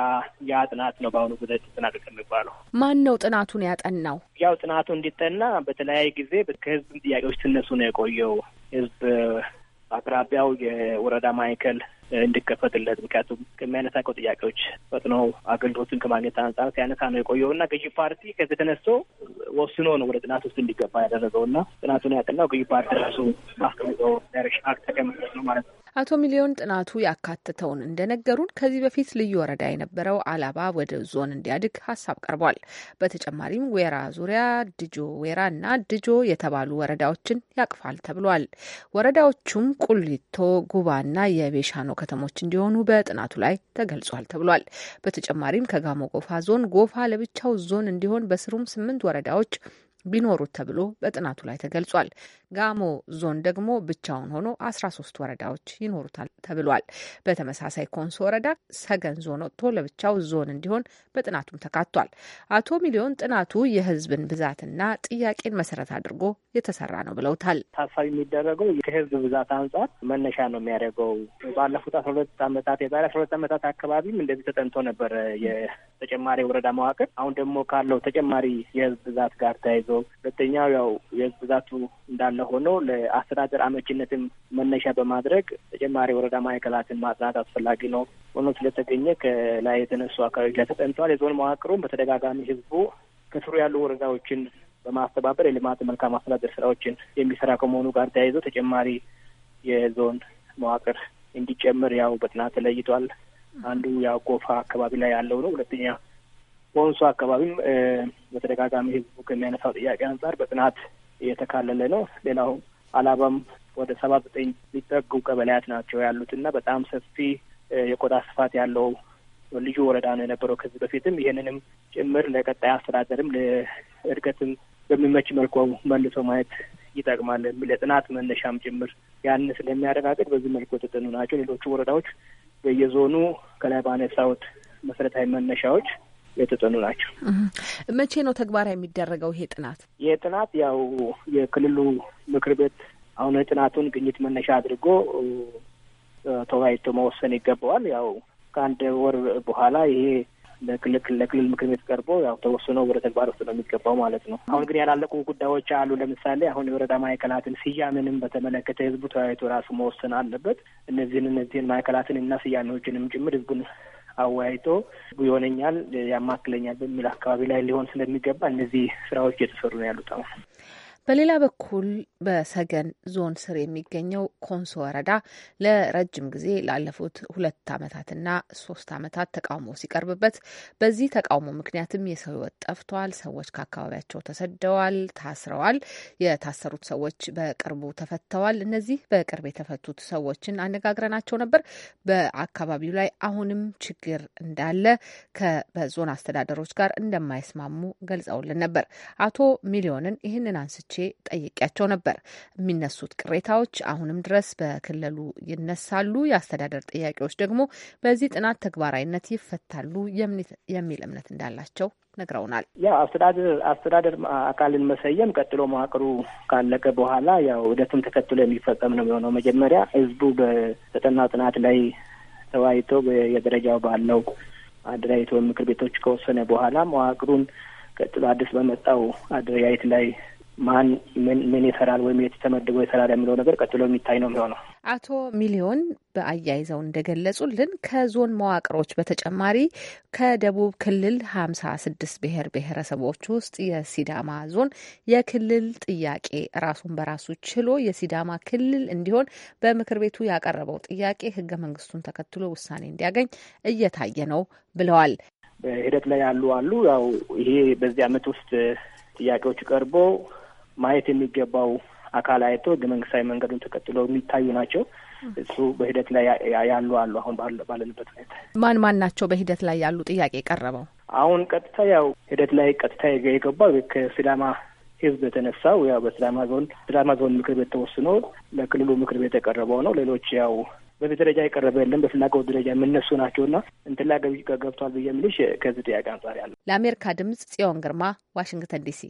ያ ጥናት ነው በአሁኑ ጊዜ ተጠናቀቀ የሚባለው። ማን ነው ጥናቱን ያጠናው? ያው ጥናቱ እንዲጠና በተለያየ ጊዜ ከህዝብ ጥያቄዎች ትነሱ ነው የቆየው። ህዝብ አቅራቢያው የወረዳ ማዕከል እንዲከፈትለት ምክንያቱም ከሚያነሳቀው ጥያቄዎች ፈጥኖ አገልግሎቱን ከማግኘት አንጻር ሲያነሳ ነው የቆየው እና ገዢ ፓርቲ ከዚህ ተነስቶ ወስኖ ነው ወደ ጥናት ውስጥ እንዲገባ ያደረገው እና ጥናቱን ያጠናው ገዢ ፓርቲ ራሱ ማስቀምጠው ዳይሬክሽን አክት ተቀምጠት ነው ማለት ነው። አቶ ሚሊዮን ጥናቱ ያካተተውን እንደነገሩን ከዚህ በፊት ልዩ ወረዳ የነበረው አላባ ወደ ዞን እንዲያድግ ሀሳብ ቀርቧል። በተጨማሪም ዌራ ዙሪያ፣ ድጆ ዌራ እና ድጆ የተባሉ ወረዳዎችን ያቅፋል ተብሏል። ወረዳዎቹም ቁሊቶ፣ ጉባና የቤሻኖ ከተሞች እንዲሆኑ በጥናቱ ላይ ተገልጿል ተብሏል። በተጨማሪም ከጋሞ ጎፋ ዞን ጎፋ ለብቻው ዞን እንዲሆን በስሩም ስምንት ወረዳዎች ቢኖሩት ተብሎ በጥናቱ ላይ ተገልጿል። ጋሞ ዞን ደግሞ ብቻውን ሆኖ 13 ወረዳዎች ይኖሩታል ተብሏል። በተመሳሳይ ኮንሶ ወረዳ ሰገን ዞን ወጥቶ ለብቻው ዞን እንዲሆን በጥናቱም ተካቷል። አቶ ሚሊዮን ጥናቱ የህዝብን ብዛትና ጥያቄን መሰረት አድርጎ የተሰራ ነው ብለውታል። ታሳቢ የሚደረገው ከህዝብ ብዛት አንጻር መነሻ ነው የሚያደርገው። ባለፉት አስራ ሁለት አመታት የዛሬ አስራ ሁለት አመታት አካባቢም እንደዚህ ተጠንቶ ነበረ የተጨማሪ ወረዳ መዋቅር። አሁን ደግሞ ካለው ተጨማሪ የህዝብ ብዛት ጋር ተያይዞ ተያይዞ፣ ሁለተኛው ያው የህዝብ ብዛቱ እንዳለ ሆኖ ለአስተዳደር አመቺነትን መነሻ በማድረግ ተጨማሪ ወረዳ ማዕከላትን ማጽናት አስፈላጊ ነው ሆኖ ስለተገኘ ከላይ የተነሱ አካባቢዎች ላይ ተጠንተዋል። የዞን መዋቅሩም በተደጋጋሚ ህዝቡ ከስሩ ያሉ ወረዳዎችን በማስተባበር የልማት መልካም አስተዳደር ስራዎችን የሚሰራ ከመሆኑ ጋር ተያይዞ ተጨማሪ የዞን መዋቅር እንዲጨምር ያው በጥናት ተለይቷል። አንዱ ያው ጎፋ አካባቢ ላይ ያለው ነው። ሁለተኛ በወንሶ አካባቢም በተደጋጋሚ ህዝቡ ከሚያነሳው ጥያቄ አንጻር በጥናት እየተካለለ ነው። ሌላው አላባም ወደ ሰባ ዘጠኝ ሊጠጉ ቀበሌያት ናቸው ያሉት እና በጣም ሰፊ የቆዳ ስፋት ያለው ልዩ ወረዳ ነው የነበረው ከዚህ በፊትም ይህንንም ጭምር ለቀጣይ አስተዳደርም ለእድገትም በሚመች መልኩ መልሶ ማየት ይጠቅማል የሚል የጥናት መነሻም ጭምር ያን ስለሚያረጋግጥ በዚህ መልኩ የተጠኑ ናቸው። ሌሎቹ ወረዳዎች በየዞኑ ከላይ ባነሳሁት መሰረታዊ መነሻዎች የተጠኑ ናቸው። መቼ ነው ተግባራዊ የሚደረገው ይሄ ጥናት? ይህ ጥናት ያው የክልሉ ምክር ቤት አሁን የጥናቱን ግኝት መነሻ አድርጎ ተወያይቶ መወሰን ይገባዋል። ያው ከአንድ ወር በኋላ ይሄ ለክልል ምክር ቤት ቀርቦ ያው ተወስኖ ወደ ተግባር ውስጥ ነው የሚገባው ማለት ነው። አሁን ግን ያላለቁ ጉዳዮች አሉ። ለምሳሌ አሁን የወረዳ ማዕከላትን ስያሜንም በተመለከተ ህዝቡ ተወያይቶ ራሱ መወሰን አለበት። እነዚህን እነዚህን ማዕከላትን እና ስያሜዎችንም ጭምር ህዝቡን አወያይቶ ይሆነኛል ያማክለኛል በሚል አካባቢ ላይ ሊሆን ስለሚገባ እነዚህ ስራዎች እየተሰሩ ነው ያሉት አሁን በሌላ በኩል በሰገን ዞን ስር የሚገኘው ኮንሶ ወረዳ ለረጅም ጊዜ ላለፉት ሁለት ዓመታትና ሶስት ዓመታት ተቃውሞ ሲቀርብበት በዚህ ተቃውሞ ምክንያትም የሰው ሕይወት ጠፍቷል። ሰዎች ከአካባቢያቸው ተሰደዋል፣ ታስረዋል። የታሰሩት ሰዎች በቅርቡ ተፈተዋል። እነዚህ በቅርብ የተፈቱት ሰዎችን አነጋግረናቸው ነበር። በአካባቢው ላይ አሁንም ችግር እንዳለ ከበዞን አስተዳደሮች ጋር እንደማይስማሙ ገልጸውልን ነበር። አቶ ሚሊዮንን ይህንን አንስቼ ጠይቂያቸው ነበር። የሚነሱት ቅሬታዎች አሁንም ድረስ በክልሉ ይነሳሉ። የአስተዳደር ጥያቄዎች ደግሞ በዚህ ጥናት ተግባራዊነት ይፈታሉ የሚል እምነት እንዳላቸው ነግረውናል። ያው አስተዳደር አስተዳደር አካልን መሰየም ቀጥሎ መዋቅሩ ካለቀ በኋላ ያው ሂደቱን ተከትሎ የሚፈጸም ነው የሚሆነው። መጀመሪያ ህዝቡ በተጠናው ጥናት ላይ ተወያይቶ የደረጃው ባለው አደራጅቶ ምክር ቤቶች ከወሰነ በኋላ መዋቅሩን ቀጥሎ አዲስ በመጣው አደረጃጀት ላይ ማን ምን ምን ይሰራል ወይም የት ተመድቦ ይሰራል የሚለው ነገር ቀጥሎ የሚታይ ነው የሚሆነው። አቶ ሚሊዮን በአያይዘው እንደገለጹልን ከዞን መዋቅሮች በተጨማሪ ከደቡብ ክልል ሀምሳ ስድስት ብሔር ብሔረሰቦች ውስጥ የሲዳማ ዞን የክልል ጥያቄ ራሱን በራሱ ችሎ የሲዳማ ክልል እንዲሆን በምክር ቤቱ ያቀረበው ጥያቄ ህገ መንግስቱን ተከትሎ ውሳኔ እንዲያገኝ እየታየ ነው ብለዋል። በሂደት ላይ ያሉ አሉ። ያው ይሄ በዚህ አመት ውስጥ ጥያቄዎች ቀርቦ ማየት የሚገባው አካል አይቶ ህገ መንግስታዊ መንገዱን ተከትሎ የሚታዩ ናቸው። እሱ በሂደት ላይ ያሉ አሉ። አሁን ባለንበት ሁኔታ ማን ማን ናቸው በሂደት ላይ ያሉ? ጥያቄ የቀረበው አሁን ቀጥታ ያው ሂደት ላይ ቀጥታ የገባው ከሲዳማ ህዝብ የተነሳው ያው በሲዳማ ዞን ሲዳማ ዞን ምክር ቤት ተወስኖ ለክልሉ ምክር ቤት የቀረበው ነው። ሌሎች ያው በዚህ ደረጃ የቀረበ የለም። በፍላጎት ደረጃ ናቸው ናቸውና እንትን ላይ ገብቷል ብዬ የምልሽ ከዚህ ጥያቄ አንጻር ያለ ለአሜሪካ ድምጽ ጽዮን ግርማ ዋሽንግተን ዲሲ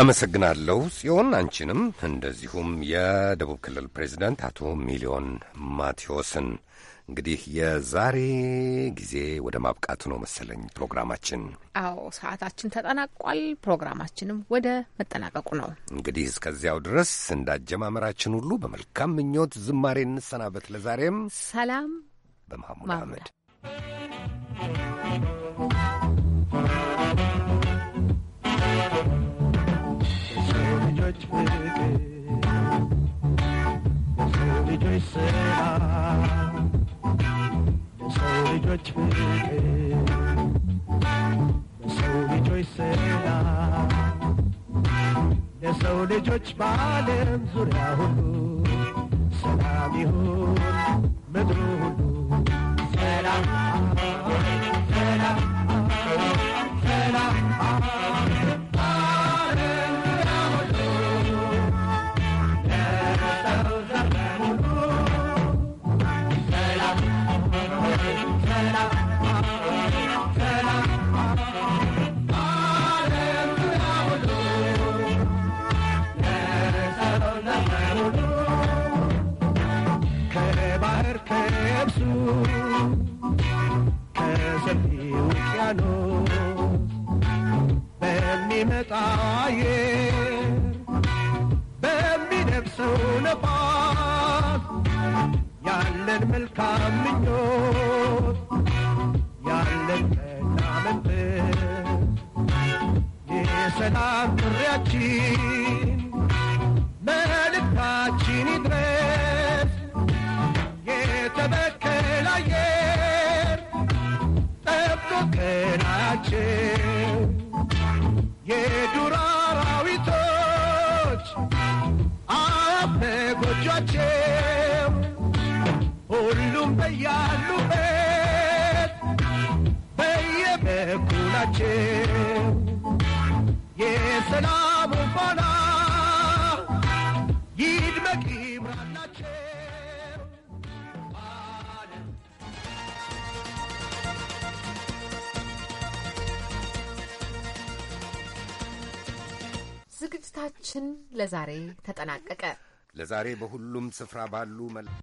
አመሰግናለሁ ጽዮን፣ አንቺንም እንደዚሁም የደቡብ ክልል ፕሬዚዳንት አቶ ሚሊዮን ማቴዎስን። እንግዲህ የዛሬ ጊዜ ወደ ማብቃቱ ነው መሰለኝ ፕሮግራማችን። አዎ ሰዓታችን ተጠናቋል። ፕሮግራማችንም ወደ መጠናቀቁ ነው። እንግዲህ እስከዚያው ድረስ እንዳጀማመራችን ሁሉ በመልካም ምኞት ዝማሬ እንሰናበት። ለዛሬም ሰላም በማህሙድ አህመድ የሰው ልጆች ሰላም የሰው ልጆች ፍቅር ልጆች ሰላም ልጆች በዓለም ዙሪያ ሁሉ ሰላም ይሁን ምድሩ ሁሉ ሰላም ሰላም ayer በሚደርሰው ነፋስ ያለን መልካም ምኞት ያለን መናመንት የሰላም ጥሪያችን መልእክታችን ይድረስ የተበከለ አየር ጠብቆ ቀናችን ያሉበት በየበኩላቸው የሰላም ፋና ይድመቅ ይብራላቸው። ዝግጅታችን ለዛሬ ተጠናቀቀ። ለዛሬ በሁሉም ስፍራ ባሉ መላ